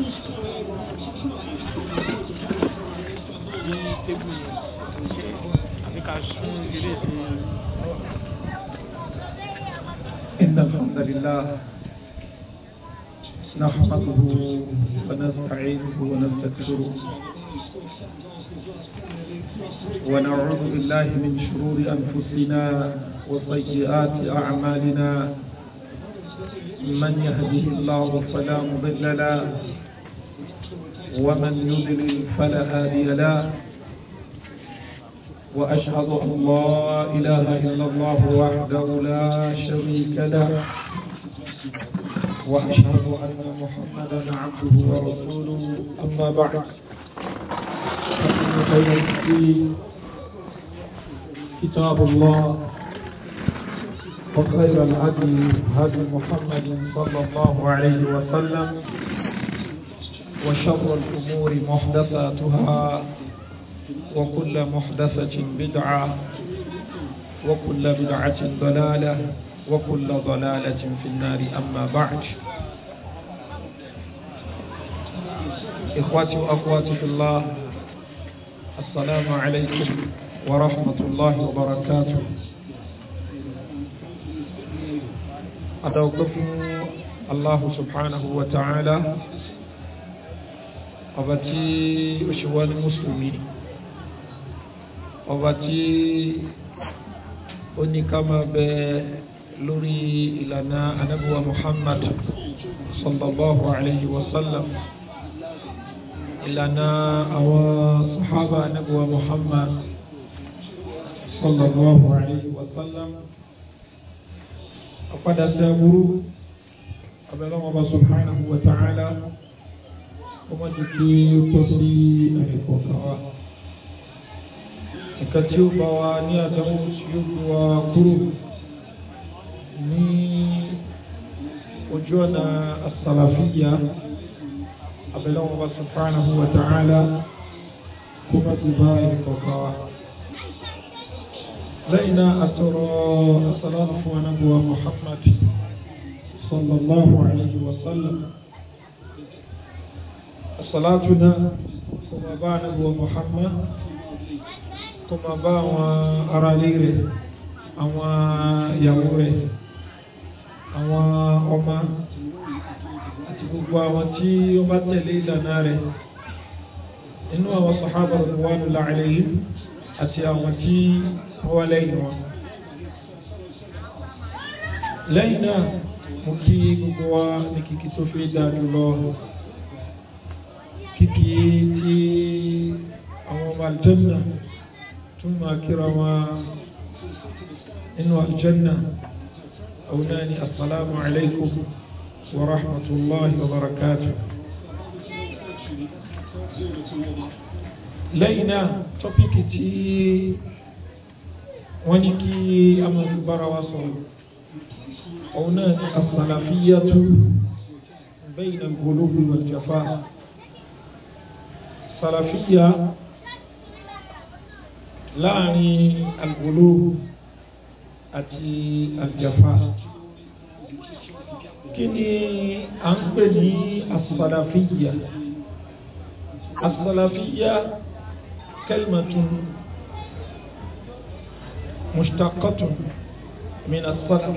إن الحمد لله نحمده ونستعينه ونستغفره ونعوذ بالله من شرور أنفسنا وسيئات أعمالنا من يهده الله فلا مضل له ومن يضلل فلا هادي له وأشهد أن لا إله إلا الله وحده لا شريك له وأشهد أن محمدا عبده ورسوله أما بعد فإن خير كتاب الله وخير الهدي هدي محمد صلى الله عليه وسلم وشر الأمور محدثاتها وكل محدثة بدعة وكل بدعة ضلالة وكل ضلالة في النار أما بعد إخواتي وأخواتي في الله السلام عليكم ورحمة الله وبركاته أدعوكم الله سبحانه وتعالى ọba tí ó ṣe wá ní mùsùlùmí ọba tí ó ní ká máa bẹ lórí ìlànà anábíwá Muhammad sallallahu alayhi wa sallam ìlànà àwọn sahaba anábíwá Muhammad sallallahu alayhi wa sallam ọ̀padà sí aburú ọbẹ̀ subhanahu wa ta'ala ọmọ ti kí ó tó sí ẹ̀kọ́ kan wa nǹkan tí ó bá wa ní àdánwò tí ó gbé wa kúrò ní ojú ọ̀nà asàlàfíyà abẹ́lẹ́ wọn bá subhanahu wa ta'ala kó má ti bá ẹ̀kọ́ kan wa. لئن أترى الصلاة على محمد صلى الله عليه وسلم صلاتنا كما بان هو محمد كما بان أراليره أما يموره أما أما àti gbogbo àwọn tí ó bá tẹ̀lé ìlànà rẹ̀ inú àwọn sàhábà wọn làálẹ̀ yìí àti àwọn tí wọ́n wá lẹ́yìn wọn. lẹ́yìn náà mo kí gbogbo wa ní kìkì tó fi dáa jùlọ aljanna tún máa kíra wọn inú aljanna òun náà ni asalaamu alaykum wa rahmatulahi wa barakatuh. lẹ́yìn náà tọ́píkì tí wọ́n ní kí a wa sọ̀rọ̀ òun náà ni asalafiyatu bayna al-ghuluwi wal-jafa salafiya láàrin àgbòló àti àjàfà kí ni à ń pè ní asalafiya asalafiya kalimatun mushtaqatun min asalaf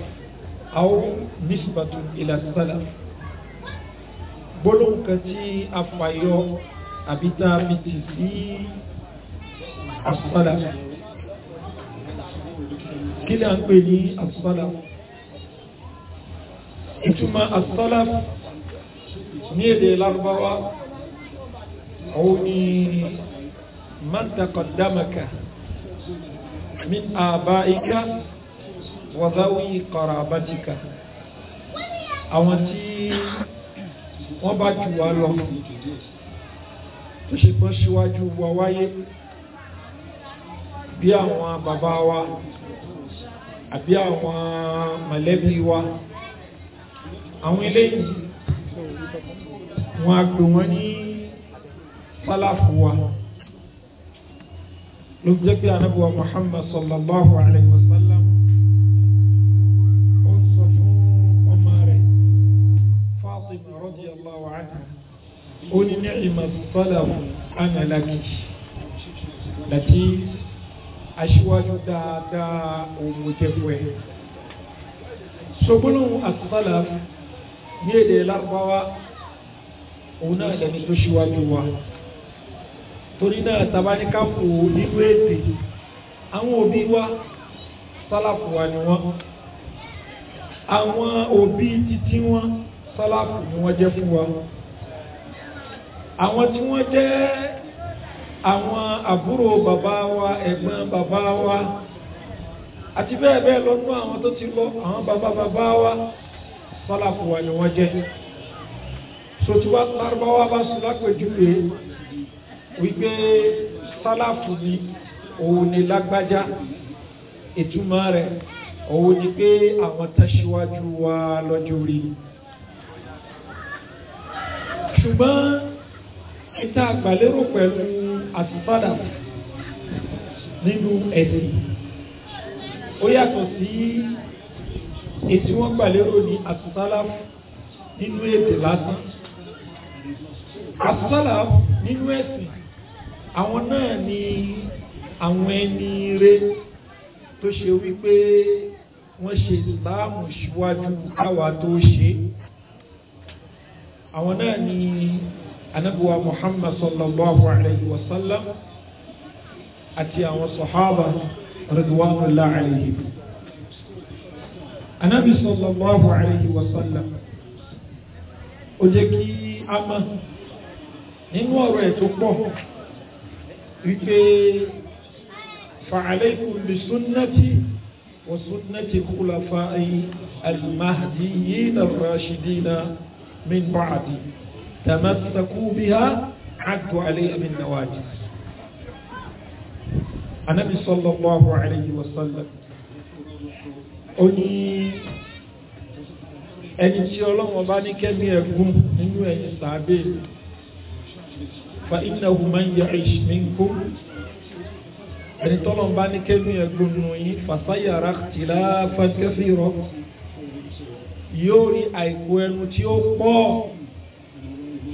aw nisbatun ila asalaf gbólóhùn kan tí a fàyọ àbí fi tì sí àsùpàdà kí ni a ń pè ní àsùpàdà ìtumọ̀ àsùpàdà ní èdè lárúbáwá òun ni man taqaddamaka min abaika wa dhawi qarabatika àwọn tí wọ́n bá jù wá lọ tó ṣe pọ́n síwájú wa Wa bí àwọn bàbá wa àbí àwọn mọ̀lẹ́bí wa àwọn eléyìí wọn a pè wọ́n ní sálàfù wa ló jẹ́ pé anábíwá Muhammad sallallahu alayhi wa sallam ó sọ fún ọmọ rẹ̀ Fatima radiyallahu anha ó ní ní ìmọ̀ sálàfù ana laki aṣíwájú dáadáa òun jẹ́kọ̀ ẹ̀. sọgbọ́nlọ́hún àtúbálà ní èdè lárúbáwá òun náà lẹ́ni tó ṣíwájú wa torí náà tabaníkàpọ̀ nínú èdè àwọn òbí wa sálàfù wa ni wọ́n àwọn òbí títí wọn sálàfù ni wọ́n jẹ́ fún wa àwọn tí wọ́n jẹ́ àwọn àbúrò bàbá wa ẹ̀gbọ́n bàbá wa àti bẹ́ẹ̀ bẹ́ẹ̀ lọ nú àwọn tó ti lọ àwọn bàbá bàbá wa sálàfù wa ni wọ́n jẹ́ sotiwa lárúbáwá bá sọ lápèjúwe wípé sálàfù ni òun ni lágbájá ìtumọ̀ rẹ̀ òun ni pé àwọn tẹ̀síwájú wa lọ́jọ́ orí ṣùgbọ́n ìta àgbàlérò pẹ̀lú àti fàdà nínú ẹ̀sìn ó yàtọ̀ sí ètí wọ́n gbà lérò ní àtúntàlámù nínú èdè lásán àtúntàlámù nínú ẹ̀sìn àwọn náà ni àwọn ẹni rẹ tó ṣe wípé wọ́n ṣe láàmù síwájú káwa tó ṣe àwọn náà ni anabuwa muhammad sallallahu alayhi wa sallam àti àwọn sahaba radwanullahi alayhi anabi sallallahu alayhi wa sallam ó jẹ́ kí a mọ̀ nínú ọ̀rọ̀ ẹ̀ tó pọ̀ wípé fa'alaykum bi sunnati wa sunnati khulafai al-mahdiyyin ar-rashidin min ba'di. تمسكوا بها عدوا عليها بالنواجذ النبي صلى الله عليه وسلم ó ní ẹni tí ọlọ́wọ́n bá ní kẹ́mí ẹ̀gún nínú ẹ̀yìn sàábé fa innahu man ya'ish minkum ẹni tọ́lọ́wọ́n bá ní kẹ́mí ẹ̀gún nù yín fasayara ikhtilafan kathira yóò rí àìkú ẹnu tí ó pọ̀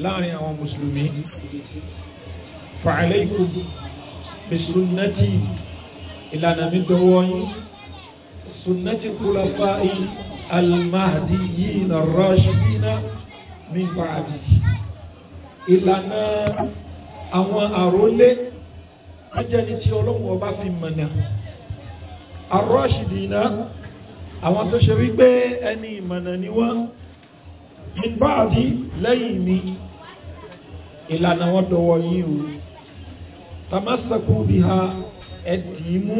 láàrin àwọn mùsùlùmí fa'alaykum bi sunnati ìlànà mi dọ́wọ́ yín sunnati khulafai al-mahdiyyin ar-rashidina min ba'di ìlànà àwọn àrólé ajẹni tí ọlọ́wọ́ bá fi mọ̀nà ar-rashidina àwọn tó ṣe wípé ẹni ìmọ̀nà ni wọ́n min ba'di lẹ́yìn mi ìlànà wọn dọwọ́ yín o tamasaku biha ẹdìímú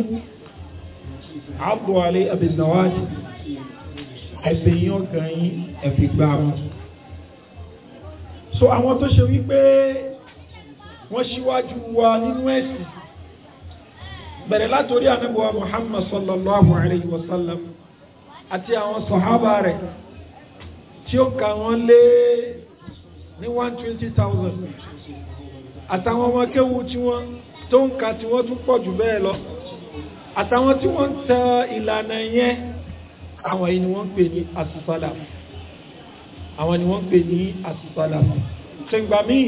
abdullahi abinawadi ẹsẹ̀ yín ọkàn yín ẹ̀fì gbà mú. so àwọn tó ṣe wípé wọ́n ṣíwájú wa nínú ẹ̀sìn bẹ̀rẹ̀ látòrí ànábọ̀wá muhammad sallallahu alayhi wa sallam àti àwọn sọ̀hábà rẹ̀ tí ó kà wọ́n lé ní one twenty thousand àtàwọn ọmọ kéwu tí wọ́n tó ń ka tí wọ́n tún pọ̀ jù bẹ́ẹ̀ lọ àtàwọn tí wọ́n ń tẹ ìlànà yẹn àwọn yìí ni wọ́n ń pè ní asùsálà àwọn ni wọ́n ń pè ní asùsálà ṣèǹgbà míì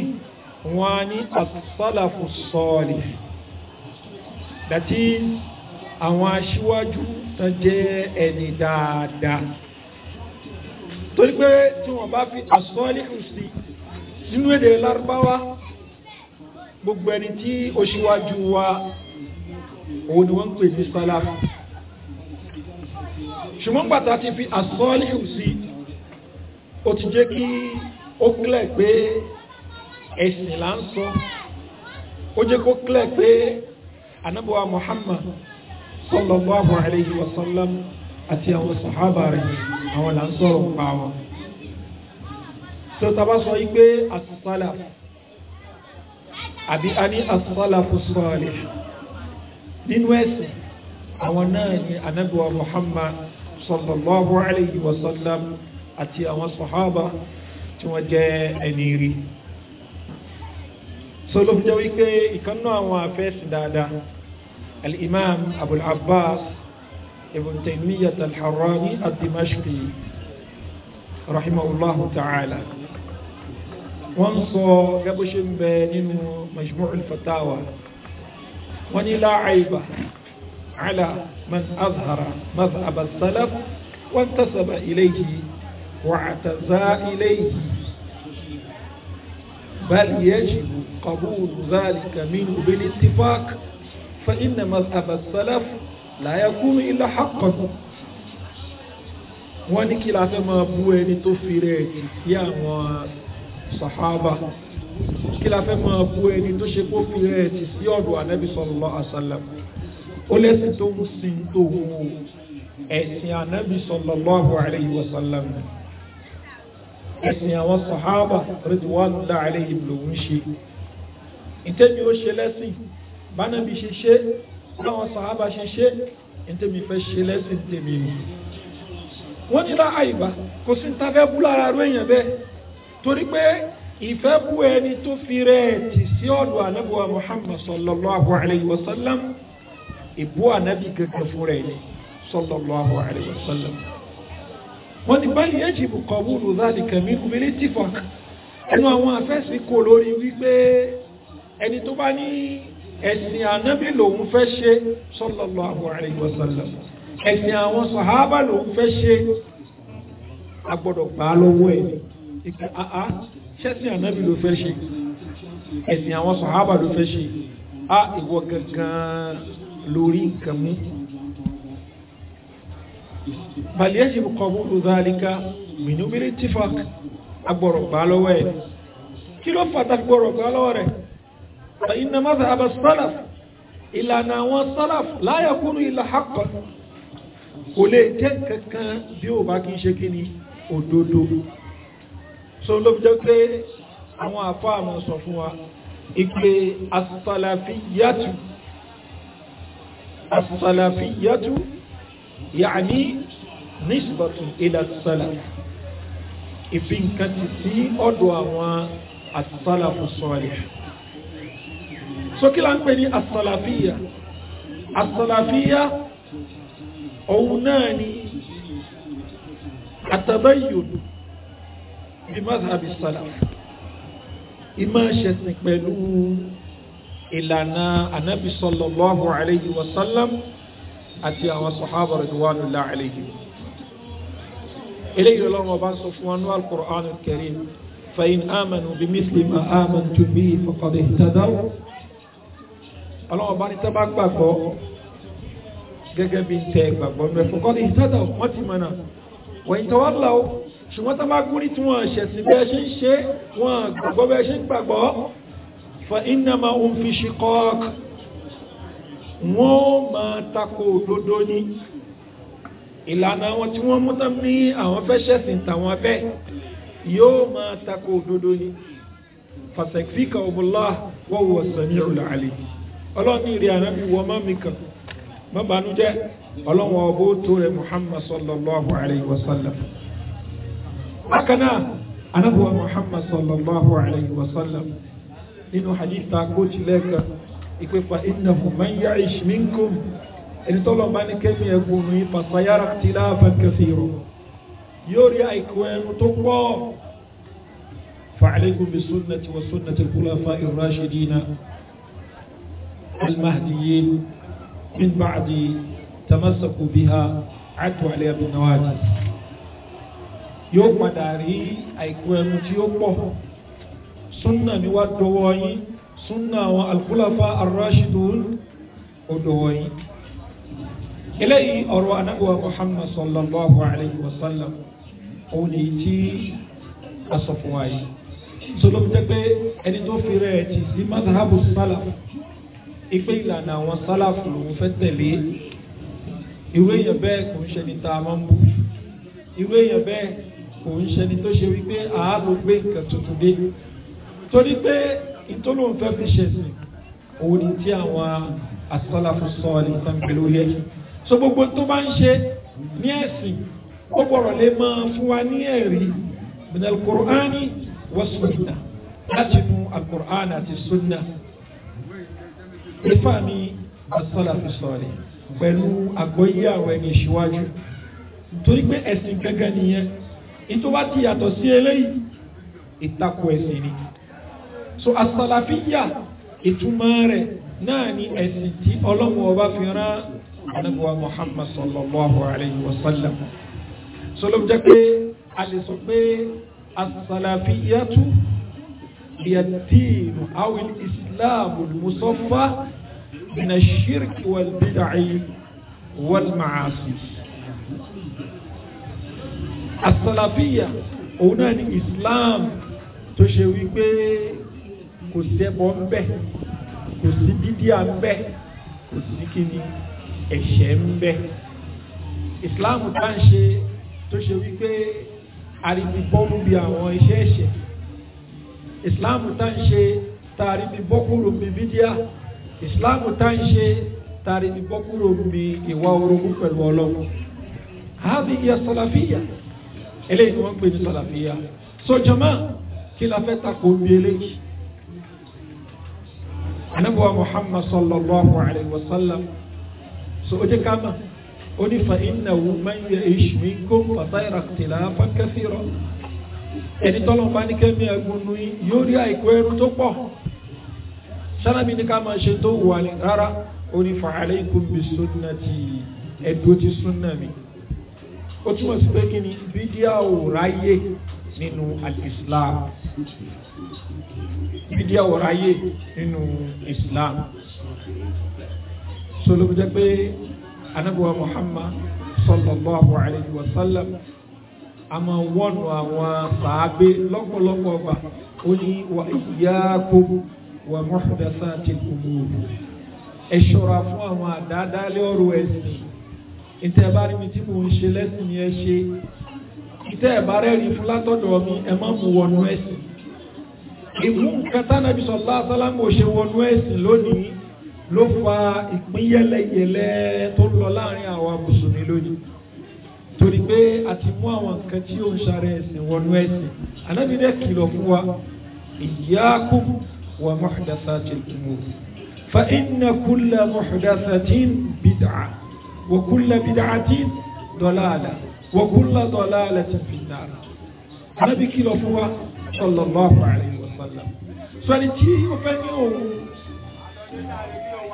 wọ́n á ní asùsálà fún sọ́ọ̀lì dàtí àwọn aṣíwájú tó jẹ́ ẹni dáadáa torí pé tí wọ́n bá fi asọ́ọ̀lì sí i nínú èdè lárúbáwá gbogbo ẹni tí ó ṣíwájú wa òun ni wọ́n ń pè ní salaf ṣùgbọ́n pàtàkì fi àsọ́ọ̀lẹ́hù sí ó ti jẹ́ kí ó kílẹ̀ pé ẹ̀sìn là ń sọ ó jẹ́ kó kílẹ̀ pé anábọ̀wá Muhammad sallallahu alayhi wa sallam àti àwọn sàhábà rẹ̀ àwọn là ń sọ̀rọ̀ pa wọn tó taba sọ yìí pé àtúntàlà àbí a ní àtúntàlà fòsùwà rẹ̀ nínú ẹ̀sìn àwọn náà ni anabiwa Muhammad sallallahu alayhi wa sallam àti àwọn sàhábà tí wọ́n jẹ́ ẹni rí sọlọ fún jẹ́ wípé àwọn afẹ́sìn dáadáa al abul abbas ibn taymiyyat al-harrani rahimahullahu ta'ala. ومصو قبش بين مجموع الفتاوى وني لا عيب على من أظهر مذهب السلف وانتسب إليه واعتزى إليه بل يجب قبول ذلك منه بالاتفاق فإن مذهب السلف لا يكون إلا حقا وانك لا تما بوين توفيريك يا مواصل sàhábà kí la fẹ́ máa bu ẹni tó ṣe kó fi rẹ̀ ti sí ọ̀dọ̀ ànábì sallallahu alaihi wasallam ó lẹ́sìn tó ń sin tó wù ú ẹ̀sìn ànábì sallallahu alaihi wasallam ẹ̀sìn àwọn sàhábà ridwanullahi alaihim lòún ṣe ìtẹ́mi ó ṣe lẹ́sìn bánábì ṣe ṣe báwọn sàhábà ṣe ṣe ìtẹ́mi fẹ́ ṣe lẹ́sìn tèmi wọ́n ti lá àyíbá kò sí ní ta bú lára rú èèyàn bẹ́ẹ̀ torí pé ìfẹ́ bú ẹni tó fi rẹ̀ tì sí ọ̀dọ̀ anábùwà Muhammad sallallahu alayhi wa sallam ìbú anábì gẹ́gẹ́ fún rẹ̀ ni sallallahu alayhi wa sallam. wọ́n ti báyìí yajibu qabulu dhalika minhu bil ittifaq ẹnu àwọn afẹ́sí kò lórí wípé ẹni tó bá ní ẹ̀sìn anábì lòun fẹ́ ṣe sallallahu alayhi wa sallam ẹ̀sìn àwọn sàhábà ìpè àá ah, ah, ṣẹ́sìn ànábì ló fẹ́ ṣe ẹ̀sìn àwọn sàhábà ló fẹ́ ṣe á ah, ìwọ gangan lórí nǹkan mú. bàlẹ́ ẹ̀sìn qabulu dhalika mìíràn bí ittifaq agbọ̀rọ̀ gbà lọ́wọ́ ẹ̀ kí ló pàtàkì gbọ̀rọ̀ gbà lọ́wọ́ rẹ̀ inna madhhab as ìlànà àwọn salaf la yakunu illa haqqan kò lè jẹ́ kankan bí ó bá kí ń ṣe kí ni òdodo so ló fi jẹ́ pé àwọn àfa àwọn sọ fún wa ìpè asàlàfíyàtù asàlàfíyàtù yàní nisbatun ila salaf ìfi nǹkan ti sí ọ̀dọ̀ àwọn asàlàfù sọ̀rọ̀ sókè là ń pè ní asàlàfíyà asàlàfíyà òun náà ni àtàbáyòdù bí mazhabi salaf ìmọ̀ ṣẹ̀sìn pẹ̀lú ìlànà anabi sallallahu alayhi wa sallam àti àwọn sahaba radwanullahi alayhi eléyìí lọ́wọ́ bá sọ fún wa ní al-Qur'an al-Karim فإن آمنوا بمثل ما آمنتم به فقد اهتدوا ọlọ́wọ́ bá ní tábà gbàgbọ́ gẹ́gẹ́ bí n tẹ gbàgbọ́ mẹ́fọ́ kọ́ ní ìtàdà wọ́n ti mọ̀ náà wọ́n ìtawà lọ́wọ́ ṣùgbọ́n tá bá gúrí tí wọ́n ṣẹ̀sìn bẹ́ẹ̀ ṣe ń ṣe wọ́n gbàgbọ́ bẹ́ẹ̀ ṣe ń gbàgbọ́ fa innama hum fi shiqaq wọ́n máa tako òdodo ní ìlànà àwọn tí wọ́n mú tán ní àwọn fẹ́ ṣẹ̀sìn tàwọn bẹ́ẹ̀ yóò máa tako òdodo ní fasẹ̀fíkà ọ̀bùnlá wa huwa sami'ul alim ọlọ́ni ìrì ànábì wọ́n má mi kàn má bànújẹ́ ọlọ́wọ́n ọbọ̀ tó rẹ̀ Muhammad sallallahu alayhi wa sallam bákan náà anábùwà muhammad sallallahu alayhi wa sallam nínú hadith ta kóòtù lẹ́ẹ̀kan ìpèpà innahu man ya'ish minkum ẹni tọ́lọ̀ bá ní kẹ́mi ẹ̀gbọ́n ní pàṣẹyàrá tìlá fẹ́kẹ́sìrò yóò rí àìkú ẹnu tó pọ̀ fa'alaykum bi sunnati wa sunnati al-khulafa ar min ba'di tamassaku biha atu alayha bin nawajid yóò padà rí àìkú ẹnu tí ó pọ̀ súnà ni wá dọwọ́ yín súnà àwọn alkhulafa ar-rashidun ó dọwọ́ yín eléyìí ọ̀rọ̀ anábọ̀ muhammad sallallahu alayhi wa sallam òun ni tí a wa yìí sọlọ́mù jẹ́ ẹni tó fi rẹ̀ ti sí mazhabu salaf ìpè ìlànà àwọn salaf lòun fẹ́ tẹ̀lé ìwé yẹn bẹ́ẹ̀ kò ń ṣe ní ta máa ń bú ìwé yẹn bẹ́ẹ̀ kò ń ṣẹni tó ṣe wípé àálò gbé nǹkan tuntun dé torí pé ìtọ́lóhùn fẹ́ fi ṣẹ̀sìn òun ni tí àwọn asọ́láfù sọ ní sanpẹ̀lú yẹ so gbogbo tó bá ń ṣe ní ẹ̀sìn ó gbọ́dọ̀ lè máa fún wa ní ẹ̀rí minal Qur'ani wa sunna láti nu al-Qur'an àti sunna ìfà mi asọ́láfù sọ ní pẹ̀lú àgbọ́yé àwọn ẹni ìṣíwájú torí pé ẹ̀sìn gẹ́gẹ́ nìyẹn ìtọ́wá ti yàtọ̀ sí eléyìí ìtakò ẹ̀sìn ni so asàlàfíyà ìtumọ̀ rẹ̀ náà ni ẹ̀sìn tí ọlọ́run ọba fi rán anabuwa muhammad sallallahu alayhi wa sallam so ló jẹ́ pé a lè sọ pé asàlàfíyà tún yàtìnù àwọn ìsìláàmù musaffa min ash-shirki wal bid'i wal ma'asi asalabiya òun náà ni islam tó ṣe wípé kò sẹ́bọ̀ ń bẹ kò sí bídíà ń kò sí kíni ẹ̀ṣẹ̀ ń islam bá ń ṣe tó ṣe wípé àríbí bọ́ọ̀lù bí àwọn iṣẹ́ ẹ̀ṣẹ̀ islam tá ń ṣe tààrí bí bí bídíà islam tá ń ṣe tààrí bí bọ́kúrò bí ìwà orogún pẹ̀lú ọlọ́run. hàbí ìyá sọlá eléyìí wọ́n ń pè ní sàlàfíà so jama kí la fẹ́ takò bí eléyìí anabuwa muhammad sallallahu alayhi wa sallam so o jẹ kama o ní fa inna wu man yẹ iṣu minkum fasayira ikhtilafan kathira ẹni tọ́lọ̀ bá ní kẹ́mi ẹ̀gbọ́nù yóò rí àìkú ẹrú tó pọ̀ sálábì ní ká ṣe tó wà rárá o ní fa alaykum bi sunnati ẹ̀dùn ti sunna mi ó túmọ̀ sí pé kí ni bídíà ò ráyè nínú islam bídíà ò ráyè nínú islam sọlọ́bù jẹ́ pé anábùwà muhammad sallallahu alayhi wa sallam a máa wọ́nu àwọn sàábé lọ́pọ̀lọpọ̀ ọba ó ní wa iyyakum wa muhdathatil umur ẹ ṣọ́ra fún àwọn àdáadáa lé ọ̀rọ̀ ẹ̀sìn ìtẹ́ bá rí mi tí mò ń ṣe lẹ́sìn ni ẹ ṣe ìtẹ́ ẹ̀ bá rẹ́rìí fún látọ̀dọ̀ mi ẹ má mú wọnú ẹ̀sìn ìmú kẹta nàbí sọlá sálámù ṣe wọnú ẹ̀sìn lónìí ló fa ìpín yẹlẹyẹlẹ tó lọ láàrin àwa mùsùlùmí lónìí torí pé a ti mú àwọn nǹkan tí ó ń ṣàrẹ ẹ̀sìn wọnú ẹ̀sìn ànábi dẹ́ kìlọ̀ fún wa iyyakum wa muhdathatil umur fa inna kulla muhdathatin bid'ah. وكل بدعة ضلالة وكل ضلالة في النار Ànábì kìlọ̀ fún wa sallallahu alayhi wa sallam sọni tí o fẹ́ ní òun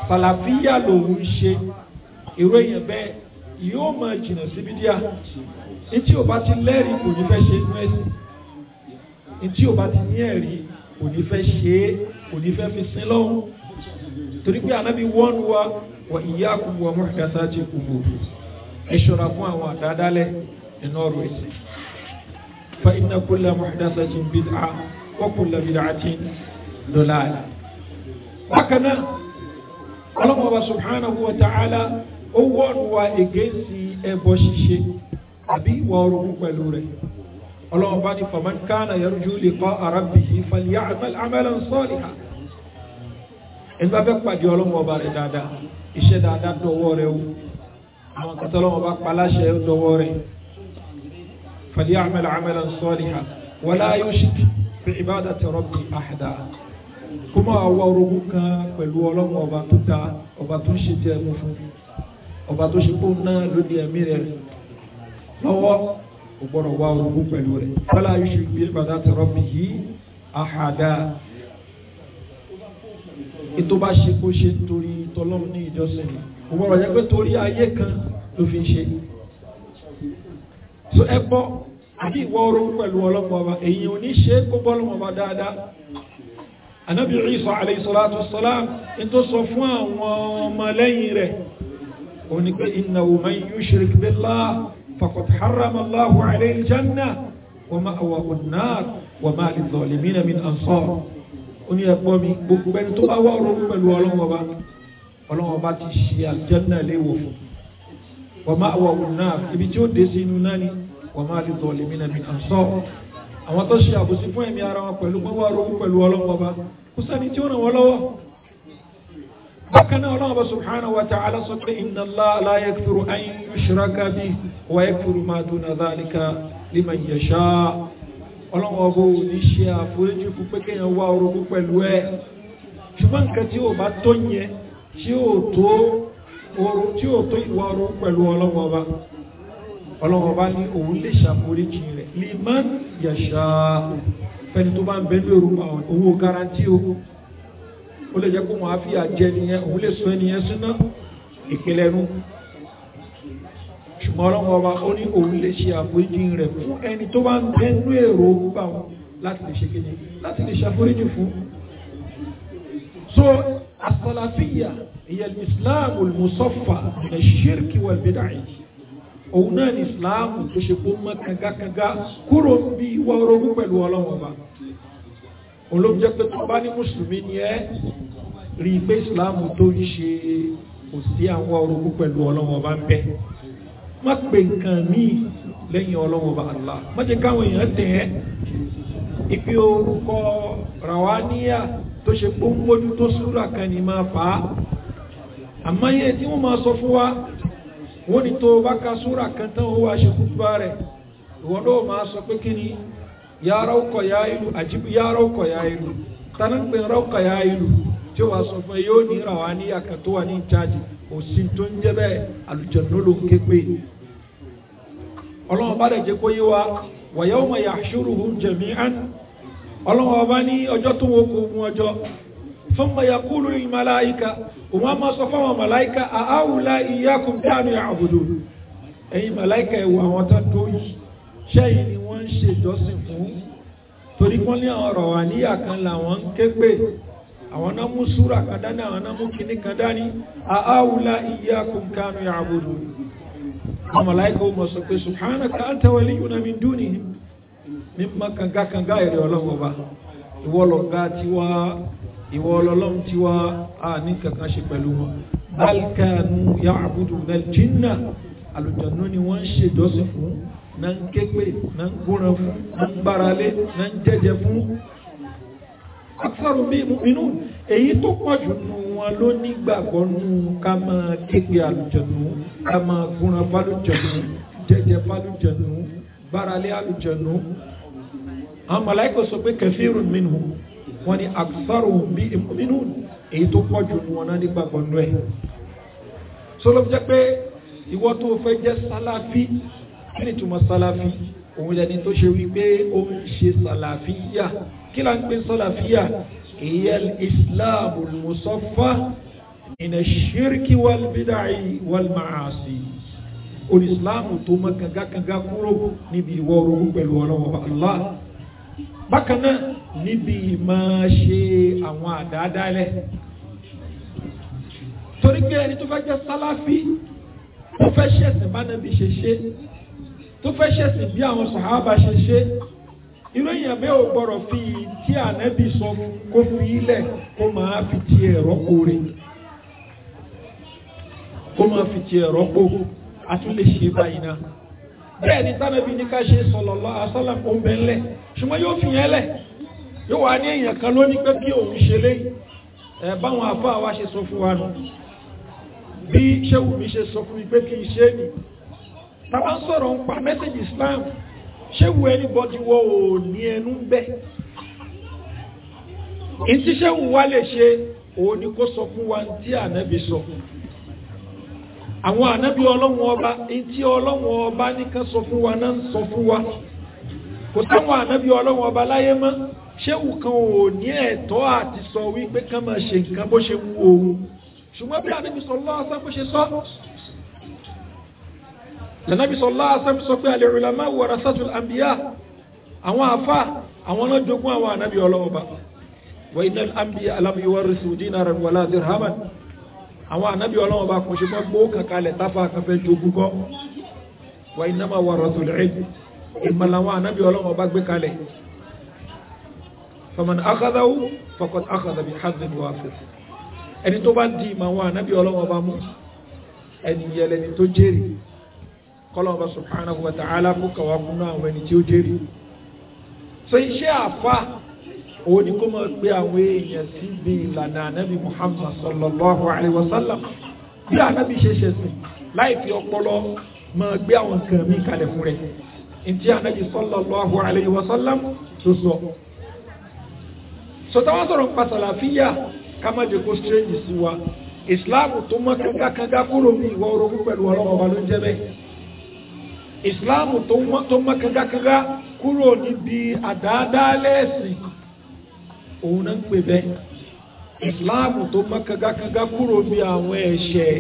fàlàfíà lòun ṣe irú èèyàn bẹ́ẹ̀ yóò máa jìnnà síbi díà etí o bá ti lẹ́rìí kò ní fẹ́ ṣe inú ẹ̀sìn etí o bá ti ní ẹ̀rí kò ní fẹ́ ṣe é kò ní fẹ́ fi sin lọ́hùn torí pé ànábì wọ́n wa wà iyyakum wa muhdathati qubur ẹ ṣọ́ra fún àwọn àdáadáalẹ̀ nínú ọ̀rọ̀ ẹ̀sìn fa inna kulla muhdathatin bid'ah wa kulla bid'atin dalalah. bákan náà ọlọ́mọba subhanahu wa ta'ala ó wọ́n wa ègéǹsì ẹbọ ṣíṣe àbí ìwà orogún pẹ̀lú rẹ̀ ọlọ́mọba ní faman kana yarju liqa'a rabbihi falya'mal amalan salihan ẹni bá fẹ́ pàdé ọlọ́wọ́ ọba rẹ̀ dáadáa iṣẹ́ dáadáa dọwọ́ rẹ̀ o àwọn kẹtọ́ ọlọ́wọ́ bá paláṣẹ dọwọ́ rẹ̀ falyamal amalan salihan wala yushrik fi ibadati rabbi ahada kó máa wá orogún kan pẹ̀lú ọlọ́wọ́ ọba tó ta ọba tó ń ṣe tẹ́ ẹmu fún ọba tó ṣe kó ná lóde ẹ̀mí rẹ̀ lọ́wọ́ ò gbọ́dọ̀ wá pẹ̀lú rẹ̀ wala yushrik fi ibadati rabbihi ahada ètò bá ṣe kó ṣe torí tọlọ́run ní ìjọsìn kò gbọ́dọ̀ jẹ́ pé torí ayé kan ló fi ń ṣe so ẹ bọ́ àbí ìwọ orogún pẹ̀lú ọlọ́pàá ọba èyí ò ní ṣe kó bọ́ lọ́wọ́ ọba dáadáa anabi Isa alayhi salatu wassalam ní tó sọ fún àwọn ọmọlẹ́yìn rẹ̀ ó ní pé innahu man yushrik billah faqad harrama Allahu alayhi al-janna wa ma'wahu an-nar wa ma lil-zalimina min ansar oní ẹ̀gbọ́n mi gbogbo ẹni tó bá wá ronú pẹ̀lú ọlọ́run ọba ọlọ́run ọba ti ṣe àlùjánnà léèwọ̀ fún wa ma'wahun nar ibi tí ó dé sí inú náà ni wa ma lizzalimina min ansar àwọn tó ṣe àbòsí fún ẹ̀mí ara wọn pẹ̀lú pé wá ronú pẹ̀lú ọlọ́run ọba kò sẹ́ni tí ó ràn wọ́n lọ́wọ́ bákanáà ọlọ́run ọba subhanahu wa ta'ala sọ pé inna Allaha la yaghfiru an yushraka bihi wa yaghfiru ma duna dhalika liman yasha' ọlọ́wọ́n ọba ò ní ṣe àforíjì fún pé kéèyàn wá orogún pẹ̀lú ẹ̀ ṣùgbọ́n nǹkan tí ò bá tó yẹn tí ò tó orun tí ò tó ìwà orogún pẹ̀lú ọlọ́wọ́n ọba ọlọ́wọ́n ọba ní òun lè ṣàforíjì rẹ̀ lè má yàṣà fẹni tó bá ń bẹ lóru owó garanti o ó lè jẹ́ kó wọn á fi àjẹ nìyẹn òun lè sọ ẹnìyẹn síná ìpínlẹ̀ nù ṣùgbọ́n ọlọ́run ọba ó ní òun lè ṣe àforíjì rẹ̀ fún ẹni tó bá ń bẹnu èrò bá wọn láti lè ṣe kéde láti lè ṣàforíjì fún. so asalafiya ìyẹn islam olùmùsọ́fà ẹ̀ ṣírkì wal bid'ah òun náà ní islam tó ṣe kó mọ́ kangakanga kúrò ń bí ìwà orogún pẹ̀lú ọlọ́run ọba òun ló jẹ́ pé tó bá ní mùsùlùmí ni ẹ́ rí i pé islam tó ń ṣe kò sí àwọn orogún pẹ̀lú ọlọ́run ọba ń bẹ́ẹ̀ má pè nǹkan míì lẹ́yìn ọlọ́wọ́ bá Allah má jẹ́ káwọn èèyàn tẹ̀ ẹ́ ìpè orúkọ ràwáníyà tó ṣe pé ń mójú tó súrà kan ní máa fà á àmọ́ yẹn tí wọ́n máa sọ fún wa wọ́n ní tó bá ka súrà kan tán ó wá ṣe kútúbà rẹ̀ ìwọ́n ló máa sọ pé kí ni yàrá ọkọ̀ yá ìlú àjíbù yàrá ọkọ̀ yá ìlú tani ń pè ń rọ́ọ̀kọ̀ ìlú. tí ó wàá sọ fún ẹ yóò ní ra wa ní àkàtó wa ní ìjáde òsì tó ń jẹ́ bẹ́ẹ̀ àlùjọ̀dún ló ń ké pé ọlọ́run bá dẹ̀ jẹ́ kó yé wa wa yawma yahshuruhum jami'an ọlọ́run ọba ní ọjọ́ tó wọ́n kó ogun ọjọ́ malaika òun á máa sọ fún àwọn màláìka àáwùlá ẹ̀yin màláìka ẹ̀wọ̀ àwọn náà mú súra kan dání àwọn náà mú kíní kan dání àáwùlá iyyakum kanu ya'budu àwọn màláìka ó mọ̀ sọ pé subhanaka anta waliyuna min dunihim ní mọ́ kanga kanga èrè ọlọ́run ọba ìwọ lọ̀gá tiwa ìwọ ọlọ́run tiwa a ní kankan ṣe pẹ̀lú wọn bal kanu ya'buduna al-jinna àlùjànnú ni wọ́n ń ṣèjọ́sìn fún náà ń ké pé náà ń gbóran fún náà ń gbáralé náà ń jẹ́jẹ́ fún aksaru bíi mu'minun èyí tó pọ̀jù nù wọn ló nígbàgbọ́ nù ká máa képe àlùjọ̀nù ká máa gúnra fálùjọ̀nù jẹjẹ fálùjọ̀nù báralé àlùjọ̀nù. àwọn màláíkà sọ pé kathirun minhum wọn ni aksaru bíi mu'minun èyí tó pọ̀jù nù wọn náà nígbàgbọ́ nù ẹ̀. sọlọ́ fi jẹ́ pé ìwọ tó fẹ́ jẹ́ sálàfí kí ni túmọ̀ sálàfí òun yẹni tó ṣe wípé ó ń ṣe sálàfíyà kí la ń pè sọ́làfíà ìyẹn islam musaffa ìnà ṣírkì wàlbídàí wàlmàásì olùsìláàmù tó mọ́ kàngákàngá kúrò níbi ìwọ orogún pẹ̀lú ọlọ́wọ́ Allah bákan náà níbi máa ṣe àwọn àdáadáalẹ̀ torí pé ẹni tó fẹ́ jẹ́ sálàfí tó fẹ́ ṣẹ̀sìn bá nàbí ṣe ṣe tó fẹ́ ṣẹ̀sìn bí àwọn sàhábà ṣe ṣe irú èèyàn bẹ́ẹ̀ ò gbọ́dọ̀ fi tí ànábì sọ kó fi ilẹ̀ kó máa fi ti ẹ̀rọ kó rẹ̀ kó máa fi ti ẹ̀rọ kó a tún lè ṣe báyìí náà bẹ́ẹ̀ ni tánàbí ní ká ṣe sallallahu alaihi wasallam kó ń bẹ́ ńlẹ̀ ṣùgbọ́n yóò fi yẹn lẹ̀ yóò wá ní èèyàn kan lónìí pé bí òun ṣe lé báwọn àfáà àwa ṣe sọ fún wa nù bí ṣéwù ṣe sọ fún mi pé kí n ṣe é nì tàbá sọ̀rọ̀ ń pa mẹ́sẹ̀jì Islam ṣéwu ẹnibọ́dí wọ ò ní ẹnu ń bẹ́ ìtí ṣéwu wa lè ṣe òun ni kó sọ fún wa tí ànábì sọ àwọn ànábì ọlọ́run ọba ìtí ọlọ́run ọba ní ká sọ fún wa náà ń sọ fún wa kò sáwọn ànábì ọlọ́run ọba láyé mọ́ ṣéwu kan ò ní ẹ̀tọ́ àti sọ wípé ká máa ṣe nǹkan bó ṣe wù òun ṣùgbọ́n bí ànábì sọ lọ́wọ́ sá bó ṣe sọ lẹ́nàbí sọlá asẹ́mi sọ pé àlẹ́ ìrìlámà wàrà sátúl àmbíyá àwọn afa àwọn náà jogún àwọn ànábì ọlọ́wọ́ bá wà iná àmbíyá alámiyíwá rìsù dínà rẹ̀ wàlá dirhaman àwọn ànábì ọlọ́wọ́ bá kò ṣe fẹ́ gbó kankalẹ̀ táfà kafẹ́ jogún kọ́ wà iná ma wàrà tó lẹ́ẹ̀ ìmọ̀ làwọn ànábì ọlọ́wọ́ bá gbé kalẹ̀ faman akadawu fakọt akadabi hadin wafis ẹni kọ́lọ́mọba subhanahu wa ta'ala kó kàwá kúnú àwọn ẹni tí ó jẹ́rì. sọ iṣẹ́ àfa òun ni kó máa gbé àwọn èèyàn síbi ìlànà anabi muhammad sallallahu alayhi wa sallam bí anabi ṣe ṣe sìn láì fi ọpọlọ máa gbé àwọn nǹkan mi kalẹ̀ fún rẹ̀ ntí anabi sallallahu alayhi wa sallam tó sọ. sọ̀tàn wọn sọ̀rọ̀ nípa sàlàfíà ká kó strange sí wa ìsìláàmù tó mọ́ kángákángá kúrò ní ìwọ orogún pẹ̀lú ọlọ́wọ́ ló ń jẹ́ bẹ́ẹ̀ ìsìláàmù tó mọ́ kankankanká kúrò níbi àdáadáalẹ́sìn òun náà ń pè bẹ́ẹ̀ ìsìláàmù tó mọ́ kankankanká kúrò níbi àwọn ẹ̀ṣẹ̀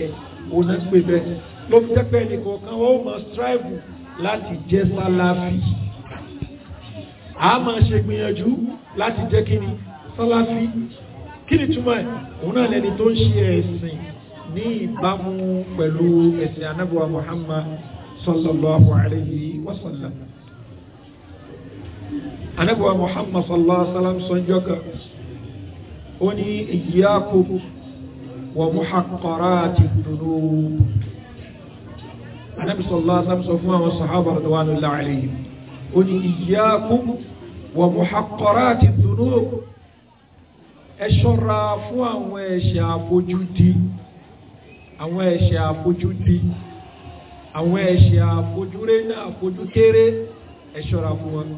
òun náà ń pè bẹ́ẹ̀ ló fi tẹ́pẹ́ nìkọ̀ọ̀kan wọ́n ó máa strive láti jẹ́ sáláfì a máa ṣe gbìyànjú láti jẹ́ kí ni sáláfì kí ni túmọ̀ ẹ̀ òun náà lẹni tó ń ṣe ẹ̀sìn ní ìbámu pẹ̀lú ẹ̀sìn anábọ̀wá Muhammad sallallahu alayhi wa sallam anabuwa muhammad sallallahu alayhi wa sallam sọnjọ kan ó ní iyyakum wa muhaqqarati dunub anabi sallallahu alayhi wa sallam sọ fún àwọn sahaba radwanullahi alayhim ó ní iyyakum wa muhaqqarati dunub ẹ fún àwọn ẹ̀ṣẹ̀ àfojúdi àwọn ẹ̀ṣẹ̀ àfojúdi àwọn ẹ̀ṣẹ̀ àfojúré náà àfojúkéré ẹ ṣọ́ra fún wọn.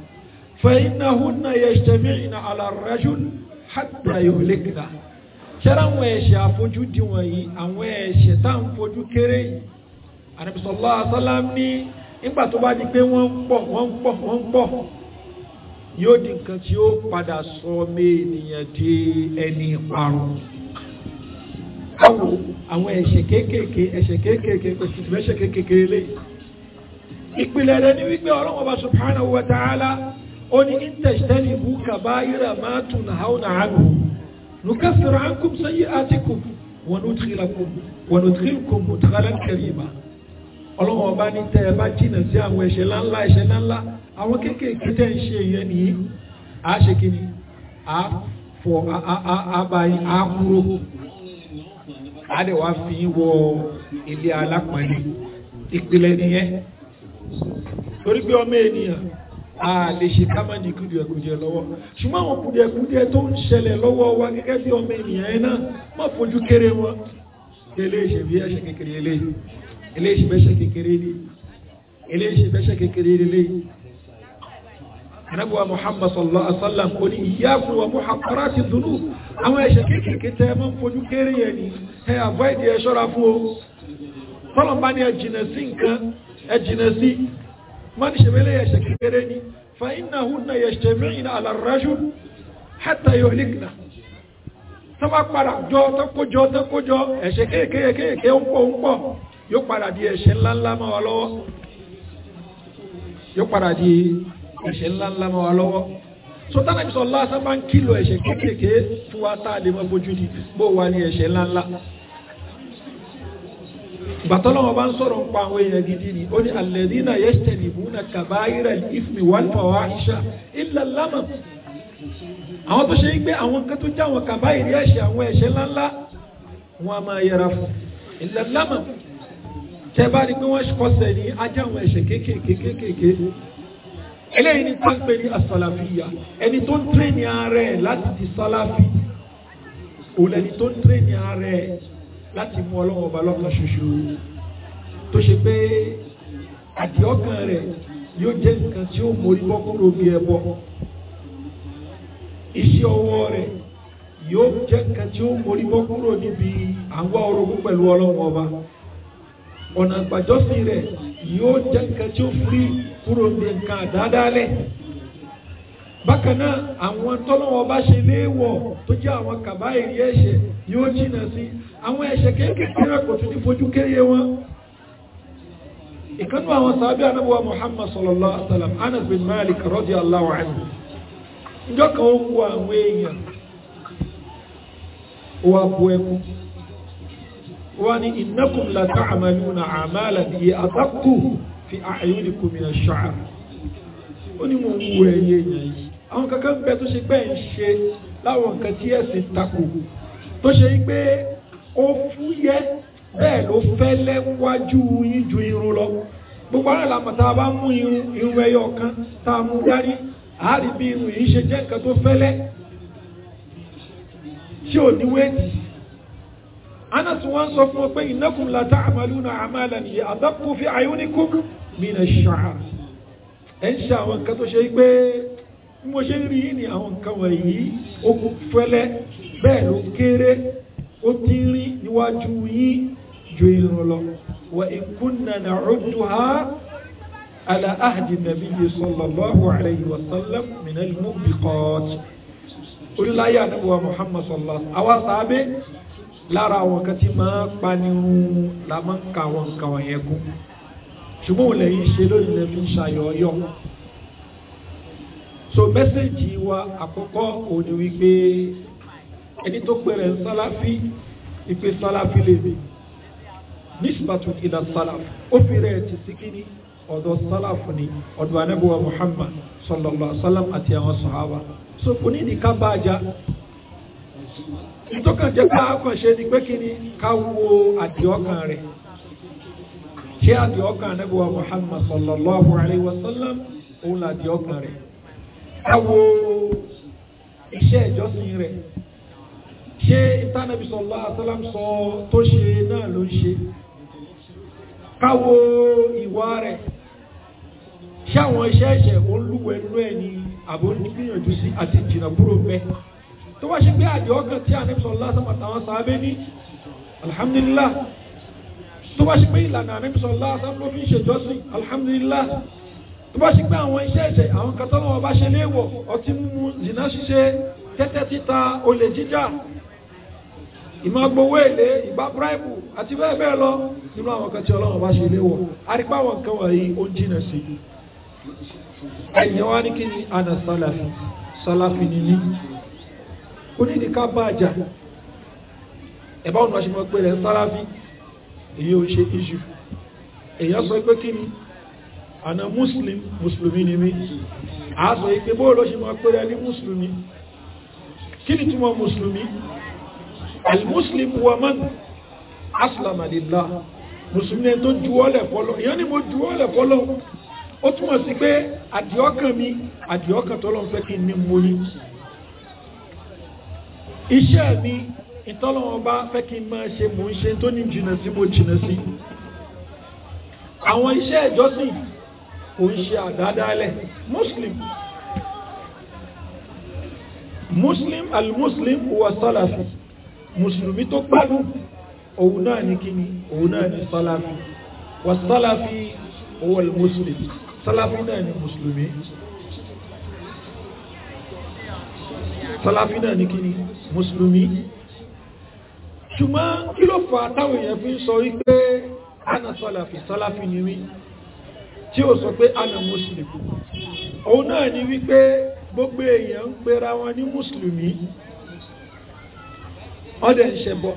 fainahunna yajtami'na ala ar-rajul hatta yuhlikna ṣẹ́ra àwọn ẹ̀ṣẹ̀ àfojúdi wọ̀nyí àwọn ẹ̀ṣẹ̀ tá à ń fojú kéré yìí Ànábì sallallahu ní nígbà tó bá di pé wọ́n ń pọ̀ wọ́n ń pọ̀ wọ́n ń pọ̀ yóò di nǹkan tí ó padà sọ ọmọ ènìyàn di ẹni ìparun. káwọ́ àwọn ẹ̀ṣẹ̀ kéékèèké ẹ̀ṣẹ̀ kéékèèké kò sì tìmẹ́ṣẹ̀ kéékèèké léyìí. ìpìlẹ̀ rẹ̀ ni wípé ọlọ́run ọba subhanahu wa ta'ala ó ní intẹ̀sítẹ́lì bú kàbáyìrà máa tún náà náà àánú nukafir ankum sayyi'atikum wa nudkhilakum wa nudkhilkum mudkhalan karima ọlọ́run ọba ní tẹ́ ẹ bá jìnà sí àwọn ẹ̀ṣẹ̀ láńlá ẹ̀ṣẹ̀ láńlá àwọn kéékèèké tẹ́ àádẹ wàá fi wọ ilé alápàdé ìpìlẹ̀ nìyẹn torí pé ọmọ ènìyàn a lè ṣe kámá ní kùdìẹ̀kùdìẹ̀ lọ́wọ́ ṣùgbọ́n àwọn kùdìẹ̀kùdìẹ̀ tó ń ṣẹlẹ̀ lọ́wọ́ wa gẹ́gẹ́ bí ọmọ ènìyàn yẹn náà má fojú kéré wọn eléyìí bí ẹ̀ṣẹ̀ kékeré eléyìí eléyìí bẹ́ṣẹ̀ kékeré ni eléyìí bẹ́ṣẹ̀ kékeré eléyìí anabuwa muhammad sallallahu alaihi wa sallam kò ní ìyá fún wa muhammad rati dunu àwọn ẹ̀ṣẹ̀ kéékèèké tẹ́ ẹ máa ń fojú kéré yẹn ni ẹ avoid ẹ ṣọ́ra fún o tọ́lọ̀mbá ni ẹ jìnà sí nǹkan ẹ jìnà sí wọ́n ní ṣẹ̀mẹ́lẹ̀ ẹ̀ṣẹ̀ kékeré ni fa innahunna yajtami'na ala ar-rajul hatta yuhlikna tó padà jọ tó kójọ tó kójọ ẹ̀ṣẹ̀ kéékèèké ń pọ̀ ń pọ̀ yóò padà di ẹ̀ṣẹ̀ ńláńlá mọ́ wa lọ́wọ́ yóò padà di ẹ̀ṣẹ̀ ńláńlá mọ́ wa lọ́wọ́ so tánà bí sọlá sá ń kìlọ̀ ẹ̀ṣẹ̀ kéékèèké fún wa tá a lè mọ bójú ni bó wà ní ẹ̀ṣẹ̀ ńláńlá gbàtọ́lọ́wọ́ bá ń sọ̀rọ̀ ń pa àwọn èèyàn gidi ni ó ní alladhina yajtanibuna kabaira al-ithmi wal fawahisha illa al-lamam àwọn tó ṣe ń gbé àwọn nǹkan tó já wọn kàbáyìrì ẹ̀ṣẹ̀ àwọn ẹ̀ṣẹ̀ ńláńlá wọn a máa yẹra fún illa al tẹ́ bá rí pé wọ́n kọsẹ̀ ní ajá àwọn ẹ̀ṣẹ̀ kéékèèké eléyìí ni tó ń pè ní asalafiya ẹni tó ń tírẹ̀nì ààrẹ láti di salafi òun ẹni tó ń tírẹ̀nì ààrẹ láti mú ọlọ́wọ́ ọba lọ́kàn ṣoṣo tó ṣe pé àdìọ́kàn rẹ̀ yóò jẹ́ nǹkan tí ó mórí bọ́ kúrò bí ẹbọ iṣẹ́ ọwọ́ rẹ̀ yóò jẹ́ nǹkan tí ó mórí bọ́ kúrò níbi àwọn orogún pẹ̀lú ọlọ́wọ́ ọ̀nà àgbàjọ́sìn rẹ̀ yóò jẹ́ nǹkan tí ó fúrí kúrò ní nǹkan àdáadáalẹ̀ bákan náà àwọn tọ́lọ́wọ́ bá ṣe léèwọ̀ tó jẹ́ àwọn kàbá èrí ẹ̀ṣẹ̀ yóò jìnà sí àwọn ẹ̀ṣẹ̀ kéékèèké kò tún ní fojú kéré wọn ìkánú àwọn sàábí anábọ̀wá Muhammad sallallahu alaihi wa sallam Anas bin Malik radiyallahu anhu ìjọ kan ó kú àwọn èèyàn ó wá bu ẹkún wọ́n ní innakum la ta'maluna a'malan hiya adaqqu fi àyíní kòmìnà ṣọ́à ó ní mò ń wo ẹyẹ èèyàn yìí àwọn kankan bẹ tó ṣe bẹ́ẹ̀ ń ṣe láwọn nǹkan tí ẹ̀sìn takò tó ṣe pé ó fúyẹ́ bẹ́ẹ̀ ló fẹ́lẹ́ wájú yín ju irun lọ gbogbo ara làmọ̀ tá a bá mú irun irun ẹyọ kan tá a mú dárí àárí bí irun yìí ṣe jẹ́ nǹkan tó fẹ́lẹ́ tí ò ní wéètì anas wọn sọ fún ọ pé innakum la ta'maluna a'malan hiya adaqu fi ayunikum mina ash-sha'r ẹ̀ ń ṣe àwọn nǹkan tó ṣe pé bí mo ṣe ń rí yìí ni àwọn nǹkan wọ̀nyí ó kú fẹ́lẹ́ bẹ́ẹ̀ ló kéré ó ti rí níwájú yín ju irun lọ wa in kunna na'udduha ala ahdi nabiyyi sallallahu alayhi wa sallam min al-mubiqat orílẹ̀ ayé muhammad sallallahu alayhi wa sallam àwa sàábé lára àwọn kan tí máa ń panirun la máa ń ka àwọn nǹkan wọ̀nyẹn kú ṣùgbọ́n òun lẹ́yìn ṣe lónìí lè fi ṣàyọ̀ ọyọ́ so mẹ́sẹ̀gì wa àkọ́kọ́ òun ni wípé ẹni tó pèrè ń sálàfí ìpè sálàfí lè mi nisbatu ila salaf ó fi rẹ̀ ti sí kíní ọ̀dọ̀ sálàfù ni ọ̀dọ̀ anábíwá Muhammad sallallahu alaihi wasallam àti àwọn sàhábà so kò ní ní ká bá a já ìtọ́kàn jẹ́ pé àkànṣe ni pé kí ni ká wo àdìọ́kàn rẹ̀ ṣé àdìọ́kàn anábíwá Muhammad sallallahu alayhi wa sallam òun làdìọ́kàn rẹ̀ ká wo iṣẹ́ ìjọsìn rẹ̀ ṣé ìtànàbí sallallahu alayhi wa sallam sọ tó ṣe náà ló ń ṣe ká wo ìwà rẹ̀ ṣáwọn iṣẹ́ ẹ̀ṣẹ̀ olúwẹ̀ẹ́lú ẹ̀ ni àbójúgbìyànjú sí àti ìjìnà kúrò bẹ́ẹ̀ tó wá ṣe pé àjọ ọkàn tí ànábì sallallahu alaihi wasallam àtàwọn sàábé ní alhamdulillah tó bá ṣe pé ìlànà ànábì sallallahu alaihi wasallam ló fi ń ṣèjọ́sìn alhamdulillah tó bá ṣe pé àwọn iṣẹ́ ẹ̀ṣẹ̀ àwọn kan tọ́lọ́wọ́ bá ṣe léèwọ̀ ọtí mímu zina ṣíṣe tẹ́tẹ́ títa olè jíjà ìmọ̀ gbowó èlé ìgbà bíráìbù àti bẹ́ẹ̀ bẹ́ẹ̀ lọ nínú àwọn kan tí Ọlọ́run bá ṣe léèwọ̀ àrípá àwọn kan wọ̀nyí ó ń jìnà sí i ẹ̀yìn wa ni àná sálàfì sálàfì nìyí kò ní ìdíkà bá àjà ẹ̀bá ọ̀nà ṣe mọ̀ pé rẹ̀ sáráfí èyí ò ṣe iṣu èyàn sọ pé kí ni àna muslim musulmi ni mí a sọ pé bó ló ṣe mọ̀ pé rẹ̀ ní musulmi kí ni túmọ̀ musulmi al-muslim wa man aslama lillah musulmi ni tó juwọ́lẹ̀ fọlọ́ èyàn ni mo juwọ́lẹ̀ fọlọ́ ó túmọ̀ sí pé àdìọ́kàn mi àdìọ́kàn tọ́lọ́ fẹ́ kí ni mo ní iṣẹ́ mi ìtọ́lọ́wọ́n bá fẹ́ kí n máa ṣe mò ń ṣe tó ní jìnnà sí mo jìnnà sí àwọn iṣẹ́ ìjọsìn kò ń ṣe àdádálẹ̀ muslim muslim al-muslim wa salafi mùsùlùmí tó gbádùn òun náà ní kíni òun náà ní salafi wa salafi wa al-muslim salafi náà ni mùsùlùmí salafi náà ní kíni mùsùlùmí ṣùgbọ́n kí ló fà táwọn èèyàn fi ń sọ wípé ana sọláfì sọláfì ni mí tí ó sọ pé ana mùsùlùmí òun náà ni wípé gbogbo èèyàn ń pera wọn ní mùsùlùmí ọdẹ ń ṣẹbọ